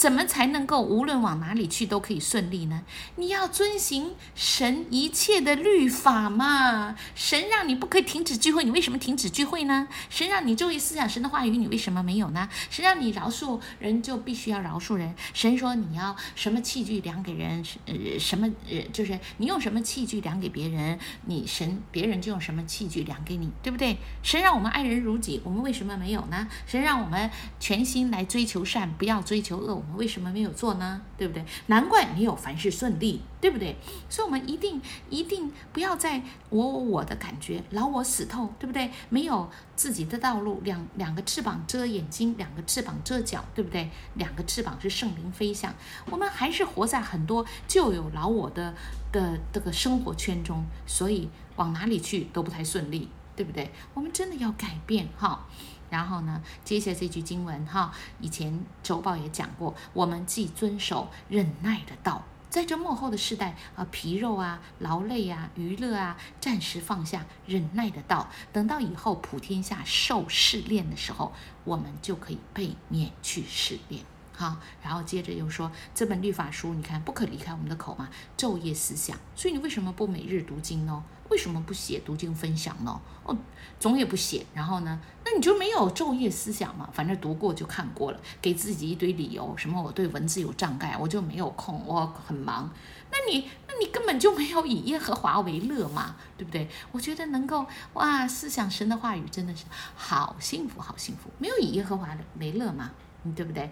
怎麼才能夠無論往哪裡去都可以順利呢？你要遵行神一切的律法嘛。神讓你不可以停止聚會，你為什麼停止聚會呢？神讓你注意思想神的話語，你為什麼沒有呢？神讓你饒恕人，就必須要饒恕人。神說你要什麼器具量給人，呃，什麼呃，就是你用什麼器具量給別人，你神別人就用什麼器具量給你，對不對？神讓我們愛人如己，我們為什麼沒有呢？神讓我們全心來追求善，不要追求惡。為什麼沒有做呢？對不對？難怪你有凡事順利，對不對？所以，我們一定一定不要在我我我的感覺老我死透，對不對？沒有自己的道路，兩兩個翅膀遮眼睛，兩個翅膀遮腳，對不對？兩個翅膀是聖靈飛翔，我們還是活在很多舊有老我的的，的這個生活圈中，所以往哪裡去都不太順利，對不對？我們真的要改變哈。然後呢，接下來這句經文哈，以前週報也講過，我們既遵守忍耐的道，在這末後的世代啊，皮肉啊、勞累啊、娛樂啊，暫時放下忍耐的道，等到以後普天下受試煉的時候，我們就可以被免去試煉。好，然後接着又說這本律法書，你看不可離開我們的口嘛，晝夜思想。所以你為什麼不每日讀經呢？為什麼不寫讀經分享呢？哦，總也不寫。然後呢？那你就沒有晝夜思想嘛？反正讀過就看過了，給自己一堆理由，什麼我對文字有障礙，我就沒有空，我很忙。那你那你根本就沒有以耶和華為樂嘛？對不對？我覺得能夠哇，思想神的話語真的是好幸福，好幸福。沒有以耶和華為樂嘛？你對不對？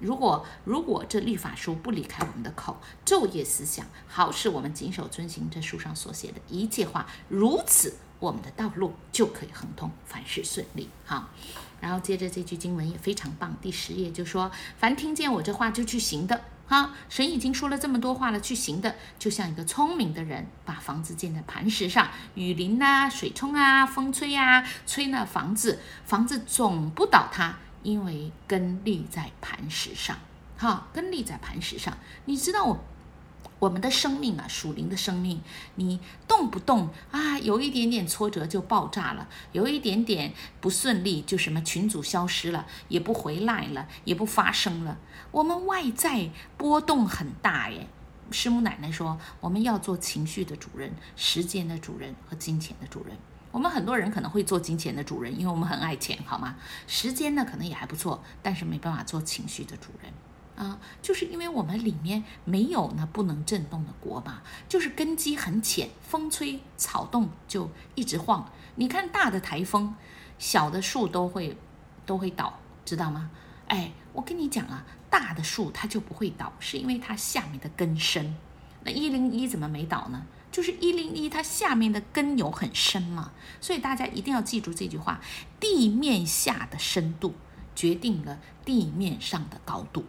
如果如果這律法書不離開我們的口，晝夜思想，好使我們謹守遵行這書上所寫的一切話，如此我們的道路就可以亨通，凡事順利。好，然後接着這句經文也非常棒，第十頁就說：凡聽見我這話就去行的，哈、啊，神已經說了這麼多話了，去行的就像一個聰明的人，把房子建在磐石上，雨淋吶、啊，水沖啊，風吹呀、啊，吹那房子，房子總不倒塌。因為根立在磐石上，哈，根立在磐石上。你知道我，我們的生命啊，屬靈的生命，你動不動啊，有一點點挫折就爆炸了，有一點點不順利就什麼群組消失了，也不回來了，也不發聲了。我們外在波動很大耶。師母奶奶說，我們要做情緒的主人、時間的主人和金錢的主人。我們很多人可能會做金錢的主人，因為我們很愛錢，好嗎？時間呢，可能也還不錯，但是沒辦法做情緒的主人啊，就是因為我們裡面沒有那不能震動的國嘛，就是根基很淺，風吹草動就一直晃。你看大的台風，小的樹都會都會倒，知道嗎？哎，我跟你講啊，大的樹它就不會倒，是因為它下面的根深。那一零一怎麼沒倒呢？就是一零一，它下面的根有很深嘛，所以大家一定要記住這句話：地面下的深度決定了地面上的高度。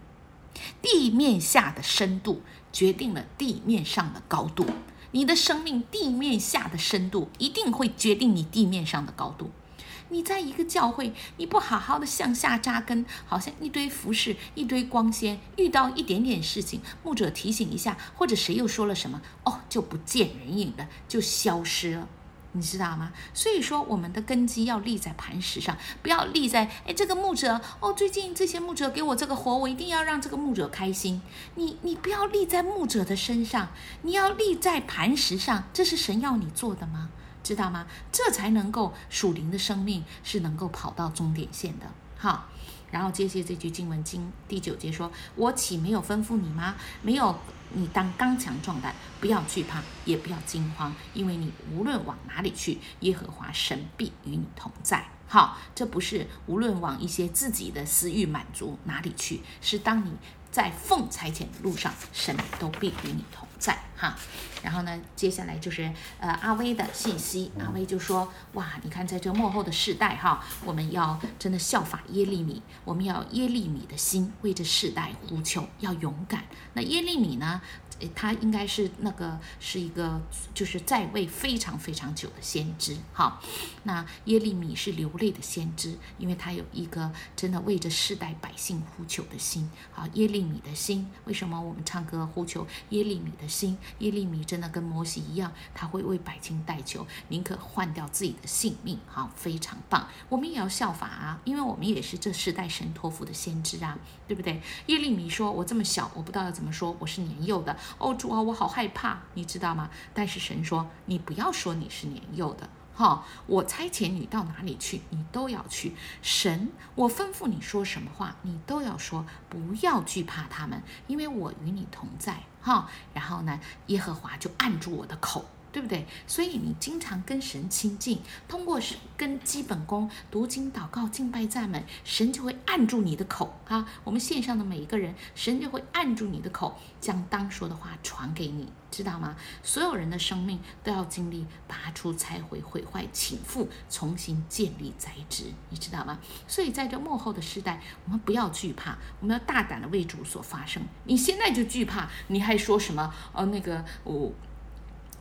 地面下的深度決定了地面上的高度。你的生命地面下的深度一定會決定你地面上的高度。你在一個教會，你不好好的向下紮根，好像一堆服飾、一堆光鮮，遇到一點點事情，牧者提醒一下，或者誰又說了什麼哦。就不見人影了，就消失了，你知道嗎？所以說，我們的根基要立在磐石上，不要立在哎，這個牧者哦，最近這些牧者給我這個活，我一定要讓這個牧者開心。你你不要立在牧者的身上，你要立在磐石上，這是神要你做的嗎？知道嗎？這才能夠屬靈的生命是能夠跑到終點線的。好。然後接下這句經文經第九節說：“我豈沒有吩咐你嗎？沒有，你當剛強壯膽，不要懼怕，也不要驚慌，因為你無論往哪裡去，耶和華神必與你同在。好，這不是無論往一些自己的私欲滿足哪裡去，是當你在奉差遣的路上，神都必與你同。”在哈，然後呢，接下來就是呃阿威的信息，阿威就說，哇，你看在這末後的世代哈，我們要真的效法耶利米，我們要耶利米的心為這世代呼求，要勇敢。那耶利米呢？他應該是那個是一個就是在位非常非常久的先知，好，那耶利米是流淚的先知，因為他有一顆真的為着世代百姓呼求的心，好，耶利米的心，為什麼我們唱歌呼求耶利米的心？耶利米真的跟摩西一樣，他會為百姓代求，寧可換掉自己的性命，好，非常棒，我們也要效法啊，因為我們也是這世代神托付的先知啊，對不對？耶利米說：“我這麼小，我不知道要怎麼說，我是年幼的。”哦，主啊，我好害怕，你知道嗎？但是神說，你不要說你是年幼的，哈、哦，我差遣你到哪裡去，你都要去。神，我吩咐你說什麼話，你都要說，不要懼怕他們，因為我與你同在，哈、哦。然後呢，耶和華就按住我的口。對不對？所以你經常跟神親近，通過是跟基本功、讀經、禱告、敬拜、讚美，神就會按住你的口啊。我們線上的每一個人，神就會按住你的口，將當說的話傳給你，知道嗎？所有人的生命都要經歷拔出、拆毀、毀壞、傾覆、重新建立、栽植，你知道嗎？所以在這末後的時代，我們不要懼怕，我們要大膽的為主所發聲。你現在就懼怕，你還說什麼？呃、哦，那個我。哦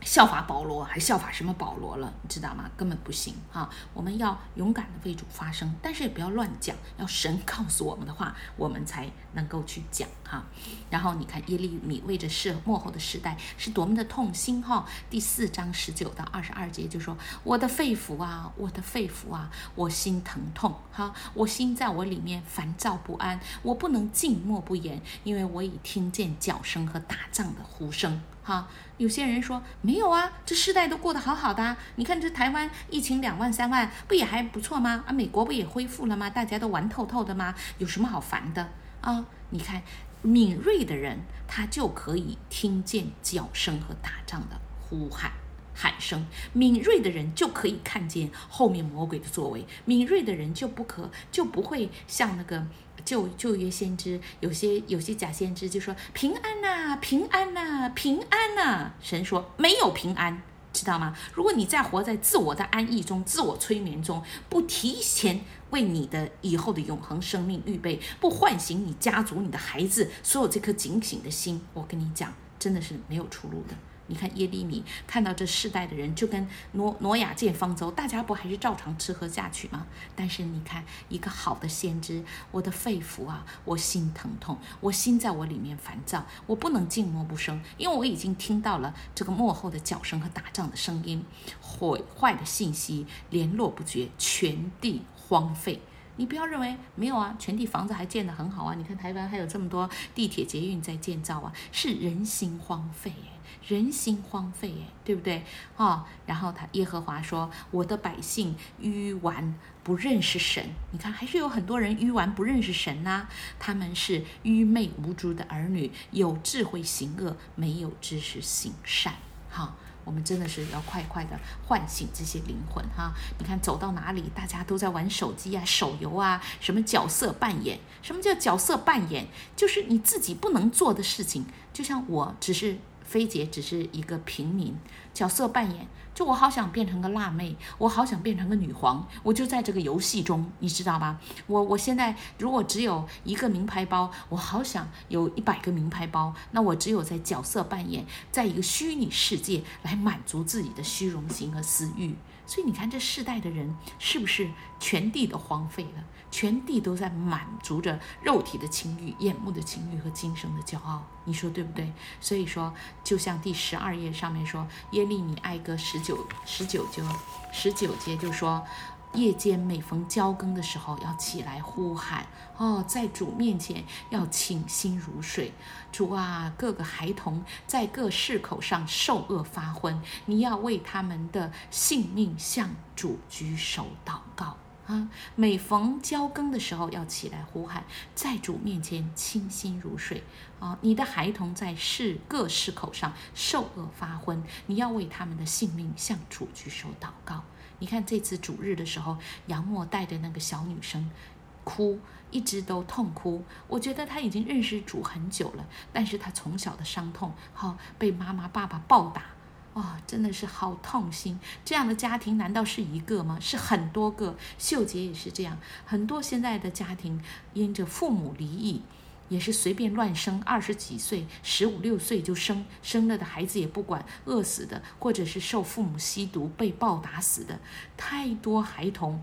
效法保羅，還效法什麼保羅了？你知道嗎？根本不行啊！我們要勇敢地為主發聲，但是也不要亂講，要神告訴我們的話，我們才能夠去講哈。然後你看耶利米為着末後的時代是多麼的痛心哈！第四章十九到二十二節就說：“我的肺腑啊，我的肺腑啊，我心疼痛哈，我心在我裡面煩躁不安，我不能靜默不言，因為我已聽見角聲和打仗的呼聲。”好，有些人說沒有啊，這世代都過得好好的啊，你看這台灣疫情兩萬三萬，不也還不錯嗎？啊，美國不也恢復了嗎？大家都玩透透的嗎？有什麼好煩的啊？哦，你看，敏銳的人他就可以聽見叫聲和打仗的呼喊喊聲，敏銳的人就可以看見後面魔鬼的作為，敏銳的人就不可就不會像那個。舊舊約先知，有些有些假先知就說平安吶、啊、平安吶、啊、平安吶、啊，神說沒有平安，知道嗎？如果你在活在自我的安逸中、自我催眠中，不提前為你的以後的永恆生命預備，不喚醒你家族、你的孩子所有這顆警醒的心，我跟你講，真的是沒有出路的。你看耶利米看到這世代的人，就跟挪挪亞建方舟，大家不還是照常吃喝下去嗎？但是你看，一個好的先知，我的肺腑啊，我心疼痛，我心在我裡面煩躁，我不能靜默不聲，因為我已經聽到了這個幕後的腳聲和打仗的聲音，毀壞的信息聯絡不絕，全地荒廢。你不要認為沒有啊，全地房子還建得很好啊，你看台灣還有這麼多地鐵捷運在建造啊，是人心荒廢。人心荒廢，哎，對不對？啊、哦，然後他耶和華說：“我的百姓愚頑，不認識神。”你看，還是有很多人愚頑，不認識神吶、啊。他們是愚昧無知的兒女，有智慧行惡，沒有知識行善。哈、哦，我們真的是要快快的喚醒這些靈魂哈、哦！你看，走到哪裡，大家都在玩手機啊，手遊啊，什麼角色扮演？什麼叫角色扮演？就是你自己不能做的事情。就像我只是。菲姐只是一個平民角色扮演，就我好想變成個辣妹，我好想變成個女皇，我就在這個遊戲中，你知道吧？我我現在如果只有一個名牌包，我好想有一百個名牌包，那我只有在角色扮演，在一個虛擬世界來滿足自己的虛榮心和私欲。所以你看，這世代的人是不是全地都荒廢了？全地都在滿足着肉體的情欲、眼目的情欲和今生的驕傲，你說對不對？所以說，就像第十二頁上面說，《耶利米哀歌》十九、十九就十九節就說。夜間每逢交更的時候，要起來呼喊哦，在主面前要傾心如水。主啊，各個孩童在各市口上受餓發昏，你要為他們的性命向主舉手禱告啊！每逢交更的時候，要起來呼喊，在主面前傾心如水啊！你的孩童在各市口上受餓發昏，你要為他們的性命向主舉手禱告。你看這次主日的時候，楊默帶着那個小女生哭，一直都痛哭。我覺得她已經認識主很久了，但是她從小的傷痛，好、哦、被媽媽爸爸暴打，啊、哦，真的是好痛心。這樣的家庭難道是一個嗎？是很多個。秀杰也是這樣，很多現在的家庭因着父母離異。也是隨便亂生，二十幾歲、十五六歲就生生了的孩子也不管，餓死的，或者是受父母吸毒被暴打死的，太多孩童。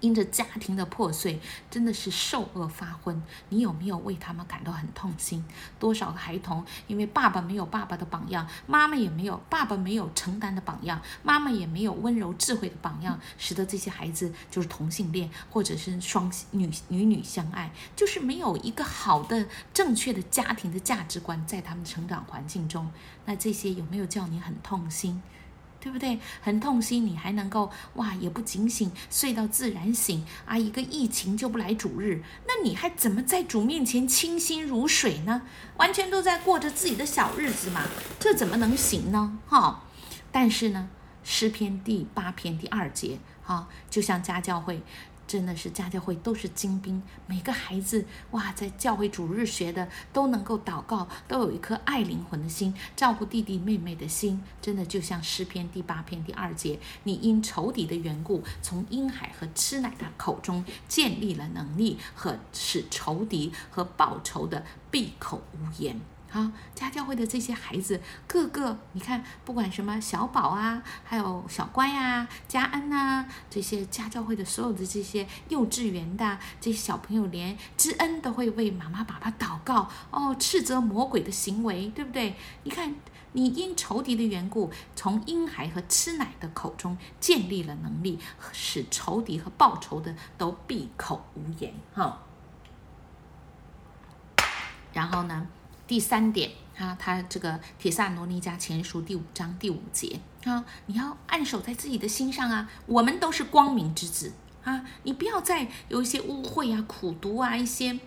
因着家庭的破碎，真的是受餓發昏。你有沒有為他們感到很痛心？多少個孩童因為爸爸沒有爸爸的榜樣，媽媽也沒有爸爸沒有承擔的榜樣，媽媽也沒有溫柔智慧的榜樣，使得這些孩子就是同性戀，或者是雙女女女相愛，就是沒有一個好的正確的家庭的價值觀在他們成長環境中。那這些有沒有叫你很痛心？對不對？很痛心，你還能夠哇？也不警醒，睡到自然醒啊！一個疫情就不來主日，那你還怎麼在主面前清心如水呢？完全都在過着自己的小日子嘛，這怎麼能行呢？哈、哦！但是呢，《詩篇》第八篇第二節，哈、哦，就像家教會。真的是家教會都是精兵，每個孩子哇，在教會主日學的都能夠禱告，都有一顆愛靈魂的心，照顧弟弟妹妹的心，真的就像詩篇第八篇第二節，你因仇敵的緣故，從嬰孩和吃奶的口中建立了能力和使仇敵和報仇的閉口無言。啊，家教會的這些孩子，個個你看，不管什麼小寶啊，還有小乖呀、啊、家恩吶、啊，這些家教會的所有的這些幼稚園的這些小朋友，連知恩都會為媽媽爸爸禱告哦，斥責魔鬼的行為，對不對？你看，你因仇敵的緣故，從嬰孩和吃奶的口中建立了能力，使仇敵和報仇的都閉口無言。哈。然後呢？第三點，哈、啊，他這個《帖撒羅尼迦前書》第五章第五節，啊，你要按守在自己的心上啊。我們都是光明之子啊，你不要再有一些污穢啊、苦毒啊、一些、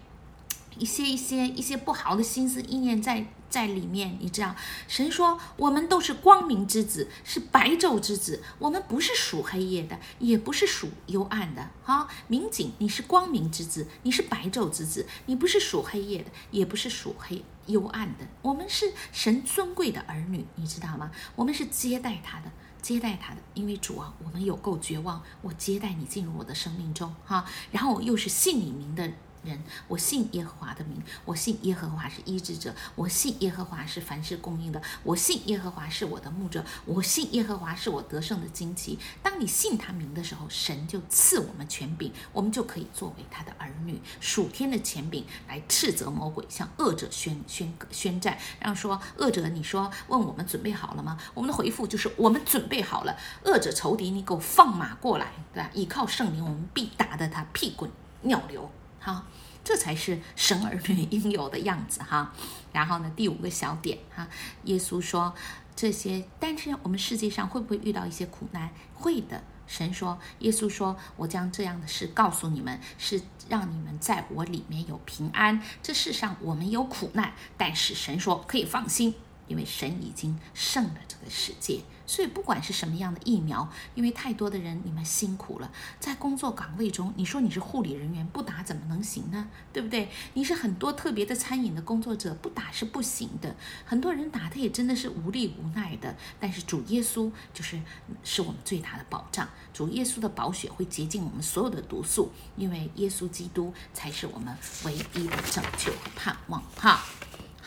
一些、一些、一些不好的心思意念在。在裡面，你知道，神說我們都是光明之子，是白晝之子。我們不是屬黑夜的，也不是屬幽暗的。哈、啊，民警，你是光明之子，你是白晝之子，你不是屬黑夜的，也不是屬黑幽暗的。我們是神尊貴的兒女，你知道嗎？我們是接待他的，接待他的，因為主啊，我們有夠絕望，我接待你進入我的生命中，哈、啊，然後又是信你名的。人，我信耶和華的名，我信耶和華是醫治者，我信耶和華是凡事供應的，我信耶和華是我的牧者，我信耶和華是我得勝的旌旗。當你信他名的時候，神就賜我們權柄，我們就可以作為他的兒女，屬天的權柄來斥責魔鬼，向惡者宣宣宣戰。然後說惡者，你說問我們準備好了嗎？我們的回復就是我們準備好了。惡者仇敵，你給我放馬過來，對吧？倚靠聖靈，我們必打得他屁滾尿流。好，這才是神兒女應有的樣子哈。然後呢，第五個小點哈，耶穌說這些，但是我們世界上會不會遇到一些苦難？會的。神說，耶穌說，我將這樣的事告訴你們，是讓你們在我裡面有平安。這世上我們有苦難，但是神說可以放心，因為神已經勝了這個世界。所以不管是什麼樣的疫苗，因為太多的人，你們辛苦了，在工作崗位中，你說你是護理人員，不打怎麼能行呢？對不對？你是很多特別的餐飲的工作者，不打是不行的。很多人打，他也真的是無力無奈的。但是主耶穌就是是我們最大的保障，主耶穌的寶血會潔淨我們所有的毒素，因為耶穌基督才是我們唯一的拯救和盼望哈。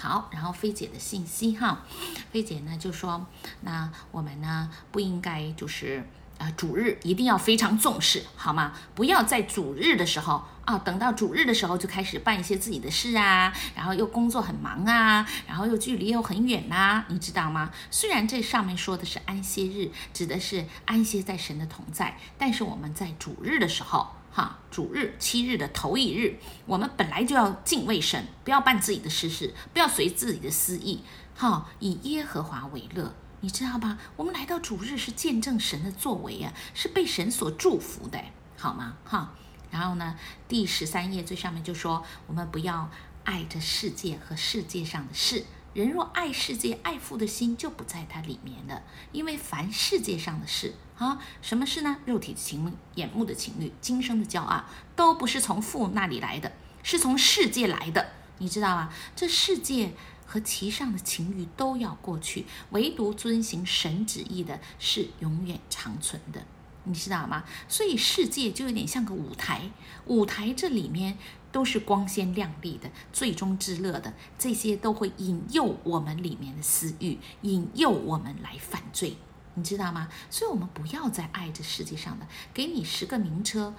好，然後菲姐的信息哈，菲姐呢就說，那我們呢不應該就是啊、呃、主日一定要非常重視，好嗎？不要在主日的時候啊、哦，等到主日的時候就開始辦一些自己的事啊，然後又工作很忙啊，然後又距離又很遠吶、啊，你知道嗎？雖然這上面說的是安歇日，指的是安歇在神的同在，但是我們在主日的時候。哈，主日七日的頭一日，我們本來就要敬畏神，不要辦自己的私事，事，不要隨自己的私意。哈，以耶和華為樂，你知道吧？我們來到主日是見證神的作為啊，是被神所祝福的，好嗎？哈，然後呢，第十三頁最上面就說，我們不要愛着世界和世界上的事。人若愛世界，愛父的心就不在它裡面了，因為凡世界上的事啊，什麼事呢？肉體的情慾、眼目的情慾、今生的驕傲，都不是從父那裡來的，是從世界來的。你知道嗎？這世界和其上的情慾都要過去，唯獨遵行神旨意的是永遠長存的。你知道嗎？所以世界就有點像個舞台，舞台這裡面。都是光鮮亮麗的，最終之樂的，這些都會引誘我們裡面的私欲，引誘我們來犯罪，你知道嗎？所以，我們不要再愛着世界上的。給你十個名車，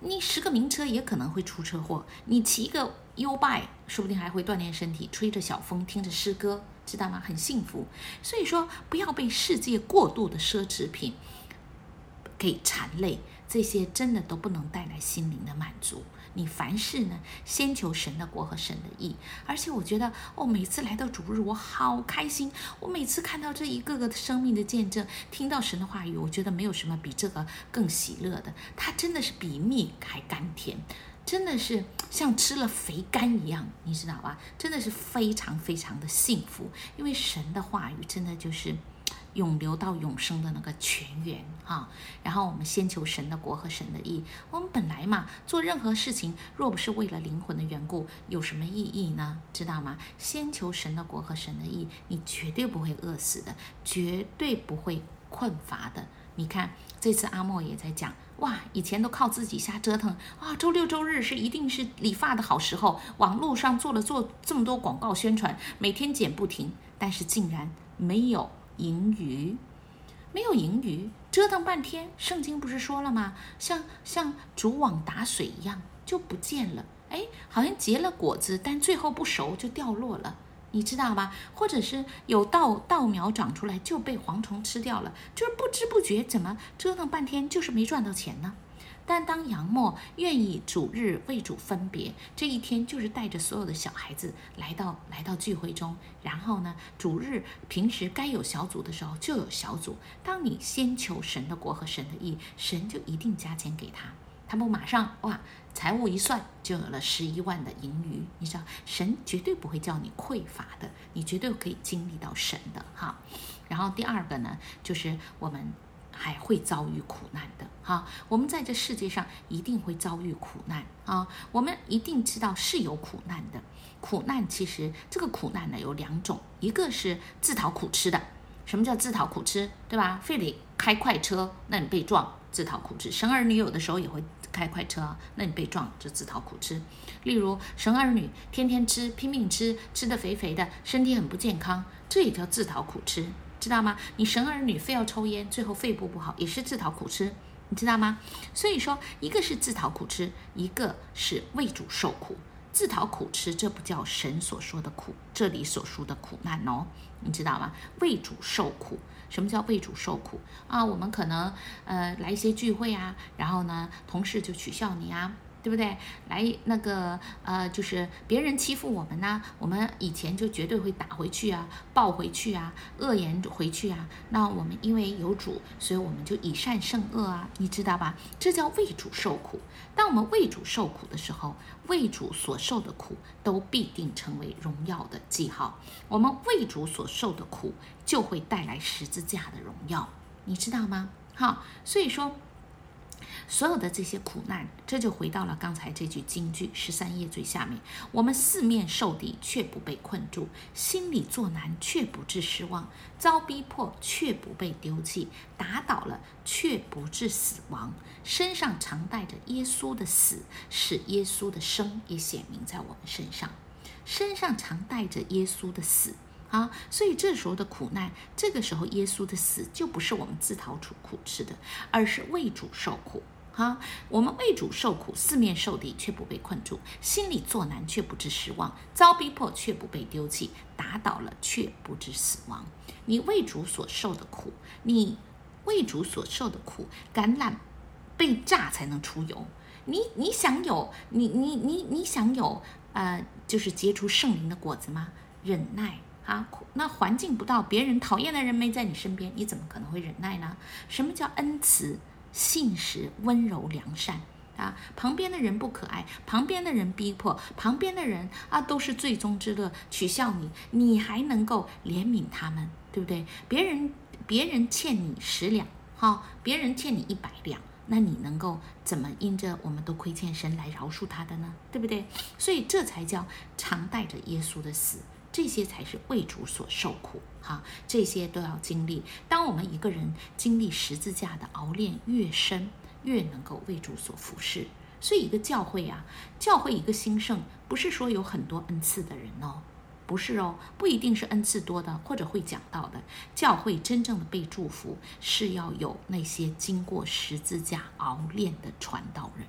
你十個名車也可能會出車禍。你騎一個 YouBike，uy, 說不定還會鍛鍊身體，吹着小風，聽着詩歌，知道嗎？很幸福。所以說，不要被世界過度的奢侈品給纏累，這些真的都不能帶來心靈的滿足。你凡事呢，先求神的國和神的義。而且我覺得哦，每次來到主日，我好開心。我每次看到這一個個生命的見證，聽到神的話語，我覺得沒有什麼比這個更喜樂的。它真的是比蜜還甘甜，真的是像吃了肥甘一樣，你知道吧？真的是非常非常的幸福，因為神的話語真的就是。永流到永生的那個泉源啊！然後我們先求神的國和神的義。我們本來嘛，做任何事情，若不是為了靈魂的緣故，有什麼意義呢？知道嗎？先求神的國和神的義，你絕對不會餓死的，絕對不會困乏的。你看，這次阿莫也在講哇，以前都靠自己瞎折騰哇，周六周日是一定是理髮的好時候，網絡上做了做這麼多廣告宣傳，每天剪不停，但是竟然沒有。盈餘，沒有盈餘，折騰半天，聖經不是說了嗎？像像竹籃打水一樣，就不見了。哎，好像結了果子，但最後不熟就掉落了，你知道吧？或者是有稻稻苗長出來就被蝗蟲吃掉了，就是不知不覺，怎麼折騰半天，就是沒賺到錢呢？但當楊默願意主日為主分別，這一天就是帶着所有的小孩子來到來到聚會中，然後呢，主日平時該有小組的時候就有小組。當你先求神的國和神的義，神就一定加錢給他，他不馬上哇，財務一算就有了十一萬的盈餘。你知道，神絕對不會叫你匱乏的，你絕對可以經歷到神的哈。然後第二個呢，就是我們。還會遭遇苦難的哈，我們在這世界上一定會遭遇苦難啊，我們一定知道是有苦難的。苦難，其實這個苦難呢，有兩種，一個是自討苦吃的。什麼叫自討苦吃？對吧？非得開快車，那你被撞，自討苦吃。神兒女有的時候也會開快車，那你被撞就自討苦吃。例如神兒女天天吃，拼命吃，吃得肥肥的，身體很不健康，這也叫自討苦吃。知道嗎？你神兒女非要抽菸，最後肺部不好，也是自討苦吃，你知道嗎？所以說，一個是自討苦吃，一個是為主受苦。自討苦吃，這不叫神所說的苦，這裡所說的苦難哦，你知道嗎？為主受苦，什麼叫為主受苦啊？我們可能呃來一些聚會啊，然後呢，同事就取笑你啊。對不對？來那個呃，就是別人欺負我們呢、啊，我們以前就絕對會打回去啊，抱回去啊，惡言回去啊。那我們因為有主，所以我們就以善勝惡啊，你知道吧？這叫為主受苦。當我們為主受苦的時候，為主所受的苦都必定成為榮耀的記號。我們為主所受的苦就會帶來十字架的榮耀，你知道嗎？好，所以說。所有的這些苦難，這就回到了剛才這句金句，十三頁最下面。我們四面受敵卻不被困住，心裡作難卻不致失望，遭逼迫卻不被丟棄，打倒了卻不致死亡。身上常帶着耶穌的死，使耶穌的生也顯明在我們身上。身上常帶着耶穌的死啊，所以這時候的苦難，這個時候耶穌的死就不是我們自討苦吃的，而是為主受苦。哈，我們為主受苦，四面受敵卻不被困住，心裡作難卻不至失望，遭逼迫卻不被丟棄，打倒了卻不至死亡。你為主所受的苦，你為主所受的苦，橄欖被榨才能出油。你你想有你你你你想有呃，就是結出聖靈的果子嗎？忍耐啊，那環境不到，別人討厭的人沒在你身邊，你怎麼可能會忍耐呢？什麼叫恩慈？信實溫柔良善啊，旁邊的人不可愛，旁邊的人逼迫，旁邊的人啊，都是最終之樂，取笑你，你還能夠憐憫他們，對不對？別人別人欠你十兩，好、哦，別人欠你一百兩，那你能夠怎麼因着我們的虧欠神來饒恕他的呢？對不對？所以這才叫常帶着耶穌的死。這些才是為主所受苦，哈、啊，這些都要經歷。當我們一個人經歷十字架的熬煉越深，越能夠為主所服侍。所以，一個教會呀、啊，教會一個興盛，不是說有很多恩賜的人哦，不是哦，不一定是恩賜多的，或者會講到的。教會真正的被祝福，是要有那些經過十字架熬煉的傳道人。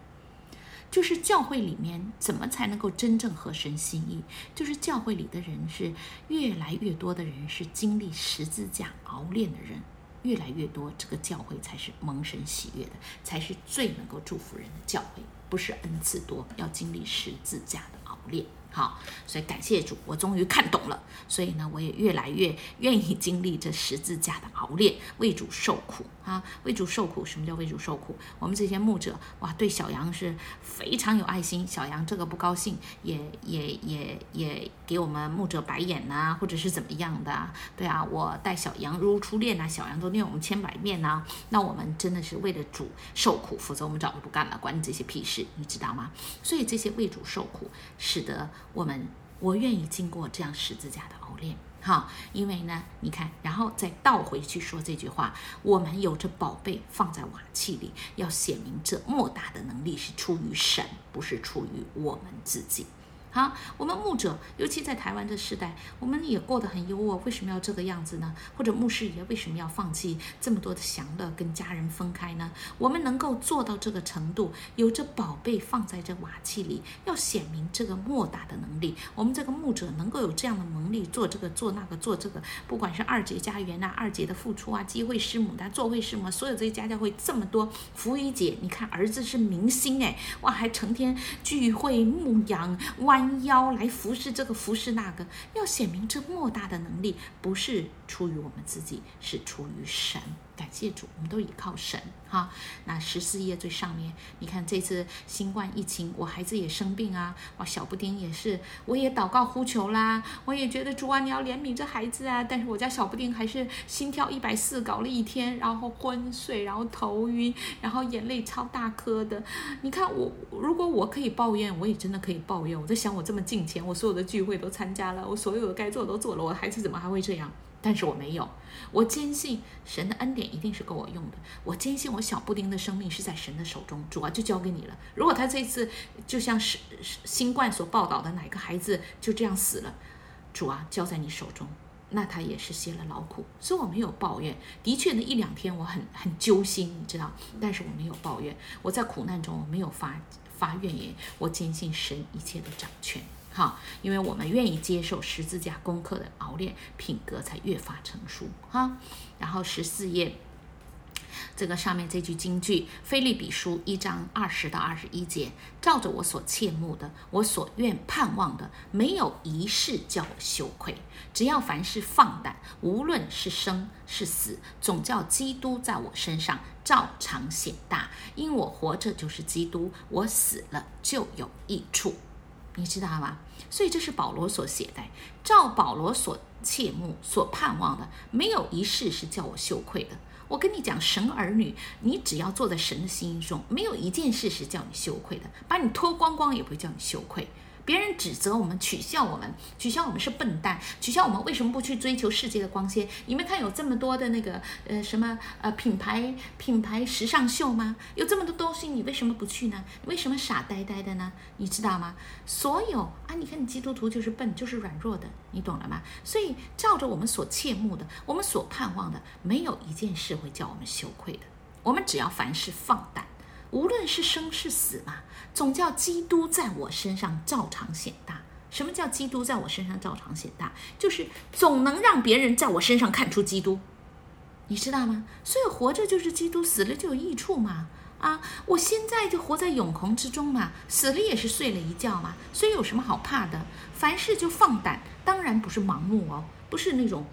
就是教會裡面怎麼才能夠真正合神心意？就是教會裡的人是越來越多的人是經歷十字架熬煉的人越來越多，這個教會才是蒙神喜悅的，才是最能夠祝福人的教會。不是恩賜多，要經歷十字架的熬煉。好，所以感謝主，我終於看懂了。所以呢，我也越來越願意經歷這十字架的熬煉，為主受苦。啊，為主受苦，什麼叫為主受苦？我們這些牧者，哇，對小羊是非常有愛心。小羊這個不高興，也也也也給我們牧者白眼吶、啊，或者是怎麼樣的、啊？對啊，我待小羊如初戀吶、啊，小羊都虐我們千百遍吶、啊。那我們真的是為了主受苦，否則我們早就不幹了，管你這些屁事，你知道嗎？所以這些為主受苦，使得我們我願意經過這樣十字架的熬煉。好，因為呢，你看，然後再倒回去說這句話，我們有着寶貝放在瓦器裡，要顯明這莫大的能力是出於神，不是出於我們自己。好，我們牧者，尤其在台灣這時代，我們也過得很優渥，哦，為什麼要這個樣子呢？或者牧師爺為什麼要放棄這麼多的享樂，跟家人分開呢？我們能夠做到這個程度，有這寶貝放在這瓦器裡，要顯明這個莫大的能力。我們這個牧者能夠有這樣的能力，做這個做那個做這個，不管是二姐家園吶，啊，二姐的付出啊，機會師母、啊，他做為師母、啊，所有這些家教會這麼多。福一姐，你看兒子是明星哎，哇，還成天聚會牧養，哇。彎腰來服侍這個，服侍那個，要顯明這莫大的能力，不是出於我們自己，是出於神。感謝主，我們都倚靠神哈。那十四頁最上面，你看這次新冠疫情，我孩子也生病啊，我小布丁也是，我也禱告呼求啦，我也覺得主啊，你要憐憫這孩子啊。但是我家小布丁還是心跳一百四，搞了一天，然後昏睡，然後頭暈，然後眼淚超大顆的。你看我，如果我可以抱怨，我也真的可以抱怨。我在想，我這麼近前，我所有的聚會都參加了，我所有的該做都做了，我孩子怎麼還會這樣？但是我沒有，我堅信神的恩典一定是夠我用的。我堅信我小布丁的生命是在神的手中，主啊就交給你了。如果他這次就像是新冠所報道的哪個孩子就這樣死了，主啊交在你手中，那他也是歇了勞苦，所以我沒有抱怨。的確，那一兩天我很很揪心，你知道，但是我沒有抱怨。我在苦難中我沒有發發怨言，我堅信神一切的掌權。好，因為我們願意接受十字架功課的熬煉，品格才越發成熟。哈，然後十四頁，這個上面這句金句，《腓立比書》一章二十到二十一節，照着我所切慕的，我所願盼望的，沒有一事叫我羞愧；只要凡事放膽，無論是生是死，總叫基督在我身上照常顯大。因我活着就是基督，我死了就有益處。你知道嗎？所以這是保羅所寫的，照保羅所切慕，所盼望的，沒有一事是叫我羞愧的。我跟你講，神兒女，你只要坐在神的心中，沒有一件事是叫你羞愧的，把你脫光光也不會叫你羞愧。別人指責我們，取笑我們，取笑我們是笨蛋，取笑我們為什麼不去追求世界的光鮮？你沒看有這麼多的那個呃什麼呃品牌品牌時尚秀嗎？有這麼多東西，你為什麼不去呢？你為什麼傻呆呆的呢？你知道嗎？所有啊，你看你基督徒就是笨，就是軟弱的，你懂了嗎？所以照着我們所切慕的，我們所盼望的，沒有一件事會叫我們羞愧的。我們只要凡事放膽。無論是生是死嘛，總叫基督在我身上照常顯大。什麼叫基督在我身上照常顯大？就是總能讓別人在我身上看出基督，你知道嗎？所以活着就是基督，死了就有益處嘛。啊，我現在就活在永恆之中嘛，死了也是睡了一覺嘛，所以有什麼好怕的？凡事就放膽，當然不是盲目哦，不是那種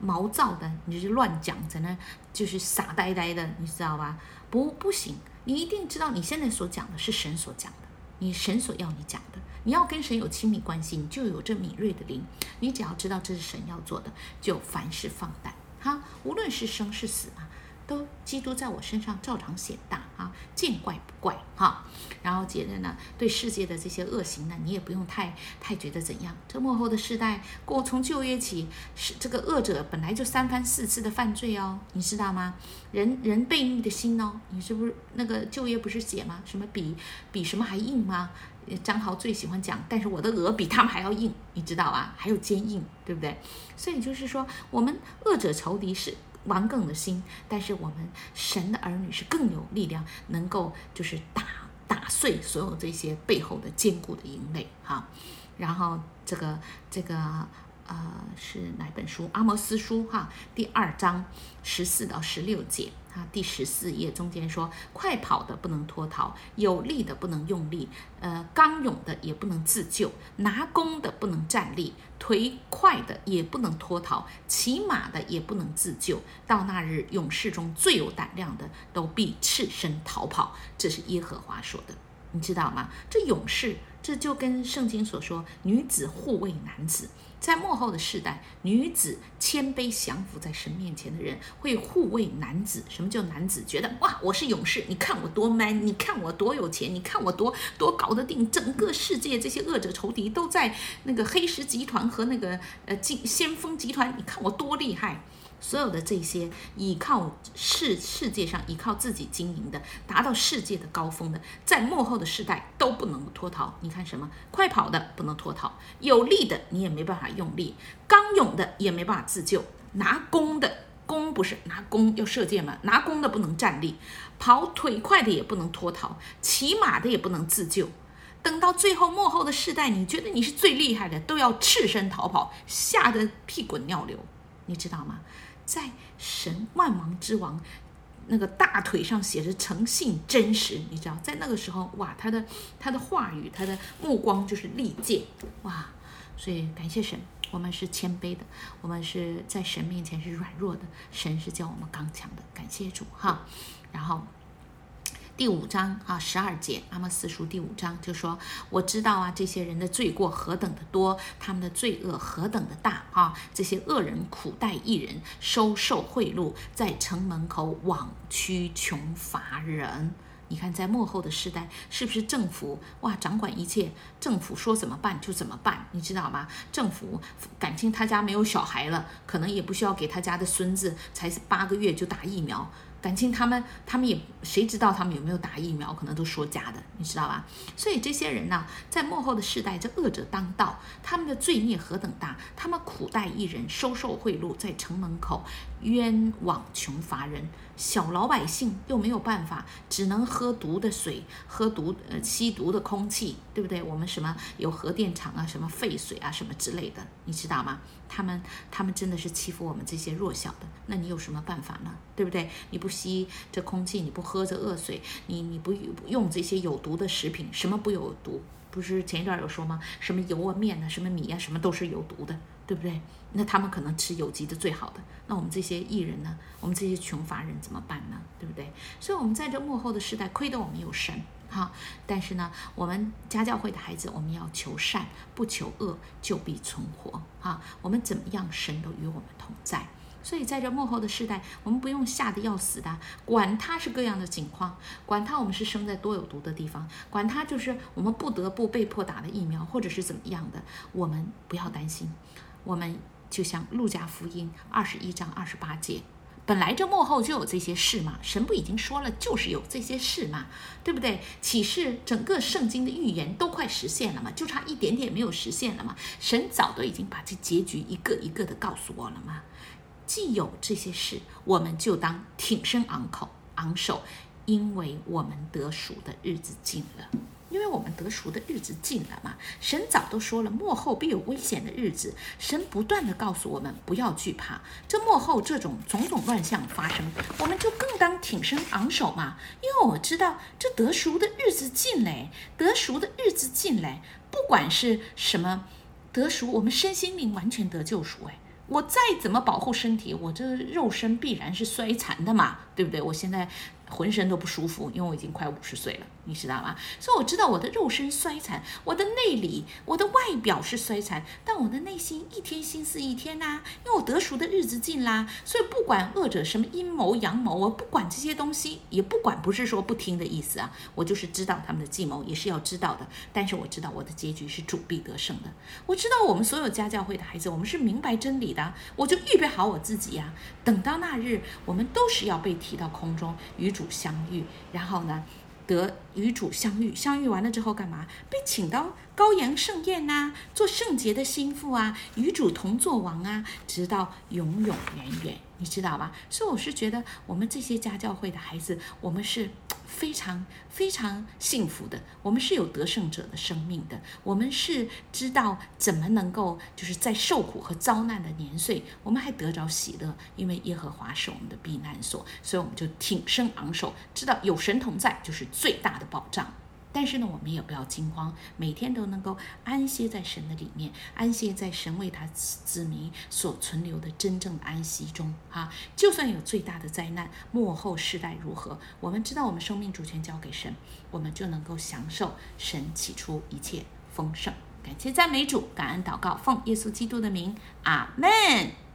毛躁的，你就是亂講，在那就是傻呆呆的，你知道吧？不，不行。你一定知道你現在所講的是神所講的，你神所要你講的，你要跟神有親密關係，你就有這敏銳的靈。你只要知道這是神要做的，就凡事放膽哈，無論是生是死。都基督在我身上照常顯大啊，見怪不怪哈、啊。然後接著呢，對世界的這些惡行呢，你也不用太太覺得怎樣。這末後的世代過從舊約起，是這個惡者本來就三番四次的犯罪哦，你知道嗎？人人悖逆的心哦，你是不是那個舊約不是寫嗎？什麼比比什麼還硬嗎？張豪最喜歡講，但是我的額比他們還要硬，你知道啊？還要堅硬，對不對？所以就是說，我們惡者仇敵是。頑梗的心，但是我們神的兒女是更有力量，能夠就是打打碎所有這些背後的堅固的營壘哈，然後這個這個。呃，是哪本書？阿摩斯書哈，第二章十四到十六節哈，第十四頁中間說：快跑的不能脫逃，有力的不能用力，呃，剛勇的也不能自救，拿弓的不能站立，腿快的也不能脫逃，騎馬的也不能自救。到那日，勇士中最有膽量的都必赤身逃跑。這是耶和華說的，你知道嗎？這勇士這就跟聖經所說，女子護衛男子。在末後的世代，女子謙卑降服在神面前的人會護衛男子。什麼叫男子？覺得哇，我是勇士，你看我多 man，你看我多有錢，你看我多多搞得定整個世界。這些惡者仇敵都在那個黑石集團和那個呃金先鋒集團，你看我多厲害。所有的這些依靠世世界上依靠自己經營的，達到世界的高峰的，在末後的世代都不能脫逃。你看什麼？快跑的不能脫逃，有力的你也沒辦法用力，剛勇的也沒辦法自救。拿弓的弓不是拿弓要射箭嗎？拿弓的不能站立，跑腿快的也不能脫逃，騎馬的也不能自救。等到最後末後的世代，你覺得你是最厲害的，都要赤身逃跑，嚇得屁滾尿流，你知道嗎？在神萬王之王那個大腿上寫着誠信真實，你知道，在那個時候哇，他的他的話語，他的目光就是利劍哇，所以感謝神，我們是謙卑的，我們是在神面前是軟弱的，神是叫我們剛強的，感謝主哈，然後。第五章啊，十二節《阿摩司書》第五章就說：“我知道啊，這些人的罪過何等的多，他們的罪惡何等的大啊！這些惡人苦待義人，收受賄賂，在城門口枉屈窮乏人。你看，在幕後的時代，是不是政府哇，掌管一切，政府說怎麼辦就怎麼辦，你知道嗎？政府，感情他家沒有小孩了，可能也不需要給他家的孫子，才是八個月就打疫苗。”感情他們，他們也誰知道他們有沒有打疫苗？可能都說假的，你知道吧？所以這些人呢、啊，在末後的世代，這惡者當道，他們的罪孽何等大？他們苦待義人，收受賄賂，在城門口冤枉窮乏人，小老百姓又沒有辦法，只能喝毒的水，喝毒呃吸毒的空氣，對不對？我們什麼有核電廠啊，什麼廢水啊，什麼之類的，你知道嗎？他們他們真的是欺負我們這些弱小的，那你有什麼辦法呢？對不對？你不吸這空氣，你不喝這惡水，你你不用這些有毒的食品，什麼不有毒？不是前一段有說嗎？什麼油啊麵啊，什麼米呀、啊，什麼都是有毒的，對不對？那他們可能吃有機的最好的，那我們這些藝人呢？我們這些窮乏人怎麼辦呢？對不對？所以，我們在這末後的時代，虧得我們有神。哈，但是呢，我們家教會的孩子，我們要求善，不求惡，就必存活。哈，我們怎麼樣，神都與我們同在。所以在這幕後的世代，我們不用嚇得要死的，管他是各樣的情況，管他我們是生在多有毒的地方，管他就是我們不得不被迫打的疫苗或者是怎麼樣的，我們不要擔心。我們就像《路加福音》二十一章二十八節。本來這幕後就有這些事嘛，神不已經說了，就是有這些事嘛，對不對？其實整個聖經的預言都快實現了嘛？就差一點點沒有實現了嘛？神早都已經把這結局一個一個的告訴我了嘛。既有這些事，我們就當挺身昂口、昂首，因為我們得贖的日子近了。因為我們得贖的日子近了嘛，神早都說了，末後必有危險的日子，神不斷的告訴我們不要懼怕，這末後這種種種亂象發生，我們就更當挺身昂首嘛。因為我知道這得贖的日子近嘞，得贖的日子近嘞，不管是什麼得贖，我們身心靈完全得救贖誒、哎。我再怎麼保護身體，我這肉身必然是衰殘的嘛，對不對？我現在渾身都不舒服，因為我已經快五十歲了。你知道嗎？所以我知道我的肉身衰殘，我的內裡、我的外表是衰殘，但我的內心一天新似一天吶、啊，因為我得贖的日子近啦。所以不管惡者什麼陰謀陽謀，我不管這些東西，也不管不是說不聽的意思啊，我就是知道他們的計謀也是要知道的。但是我知道我的結局是主必得勝的。我知道我們所有家教會的孩子，我們是明白真理的，我就預備好我自己呀、啊。等到那日，我們都是要被提到空中與主相遇，然後呢？得與主相遇，相遇完了之後幹嘛？被請到羔羊盛宴吶、啊，做聖潔的新婦啊，與主同作王啊，直到永永遠遠，你知道吧？所以我是覺得，我們這些家教會的孩子，我們是。非常非常幸福的，我們是有得勝者的生命的，我們是知道怎麼能夠就是在受苦和遭難的年歲，我們還得着喜樂，因為耶和華是我們的避難所，所以我們就挺身昂首，知道有神同在就是最大的保障。但是呢，我們也不要驚慌，每天都能夠安歇在神的裡面，安歇在神為他子民所存留的真正的安息中啊！就算有最大的災難，末後世代如何，我們知道我們生命主權交給神，我們就能夠享受神起初一切豐盛。感謝讚美主，感恩禱告，奉耶穌基督的名，阿門。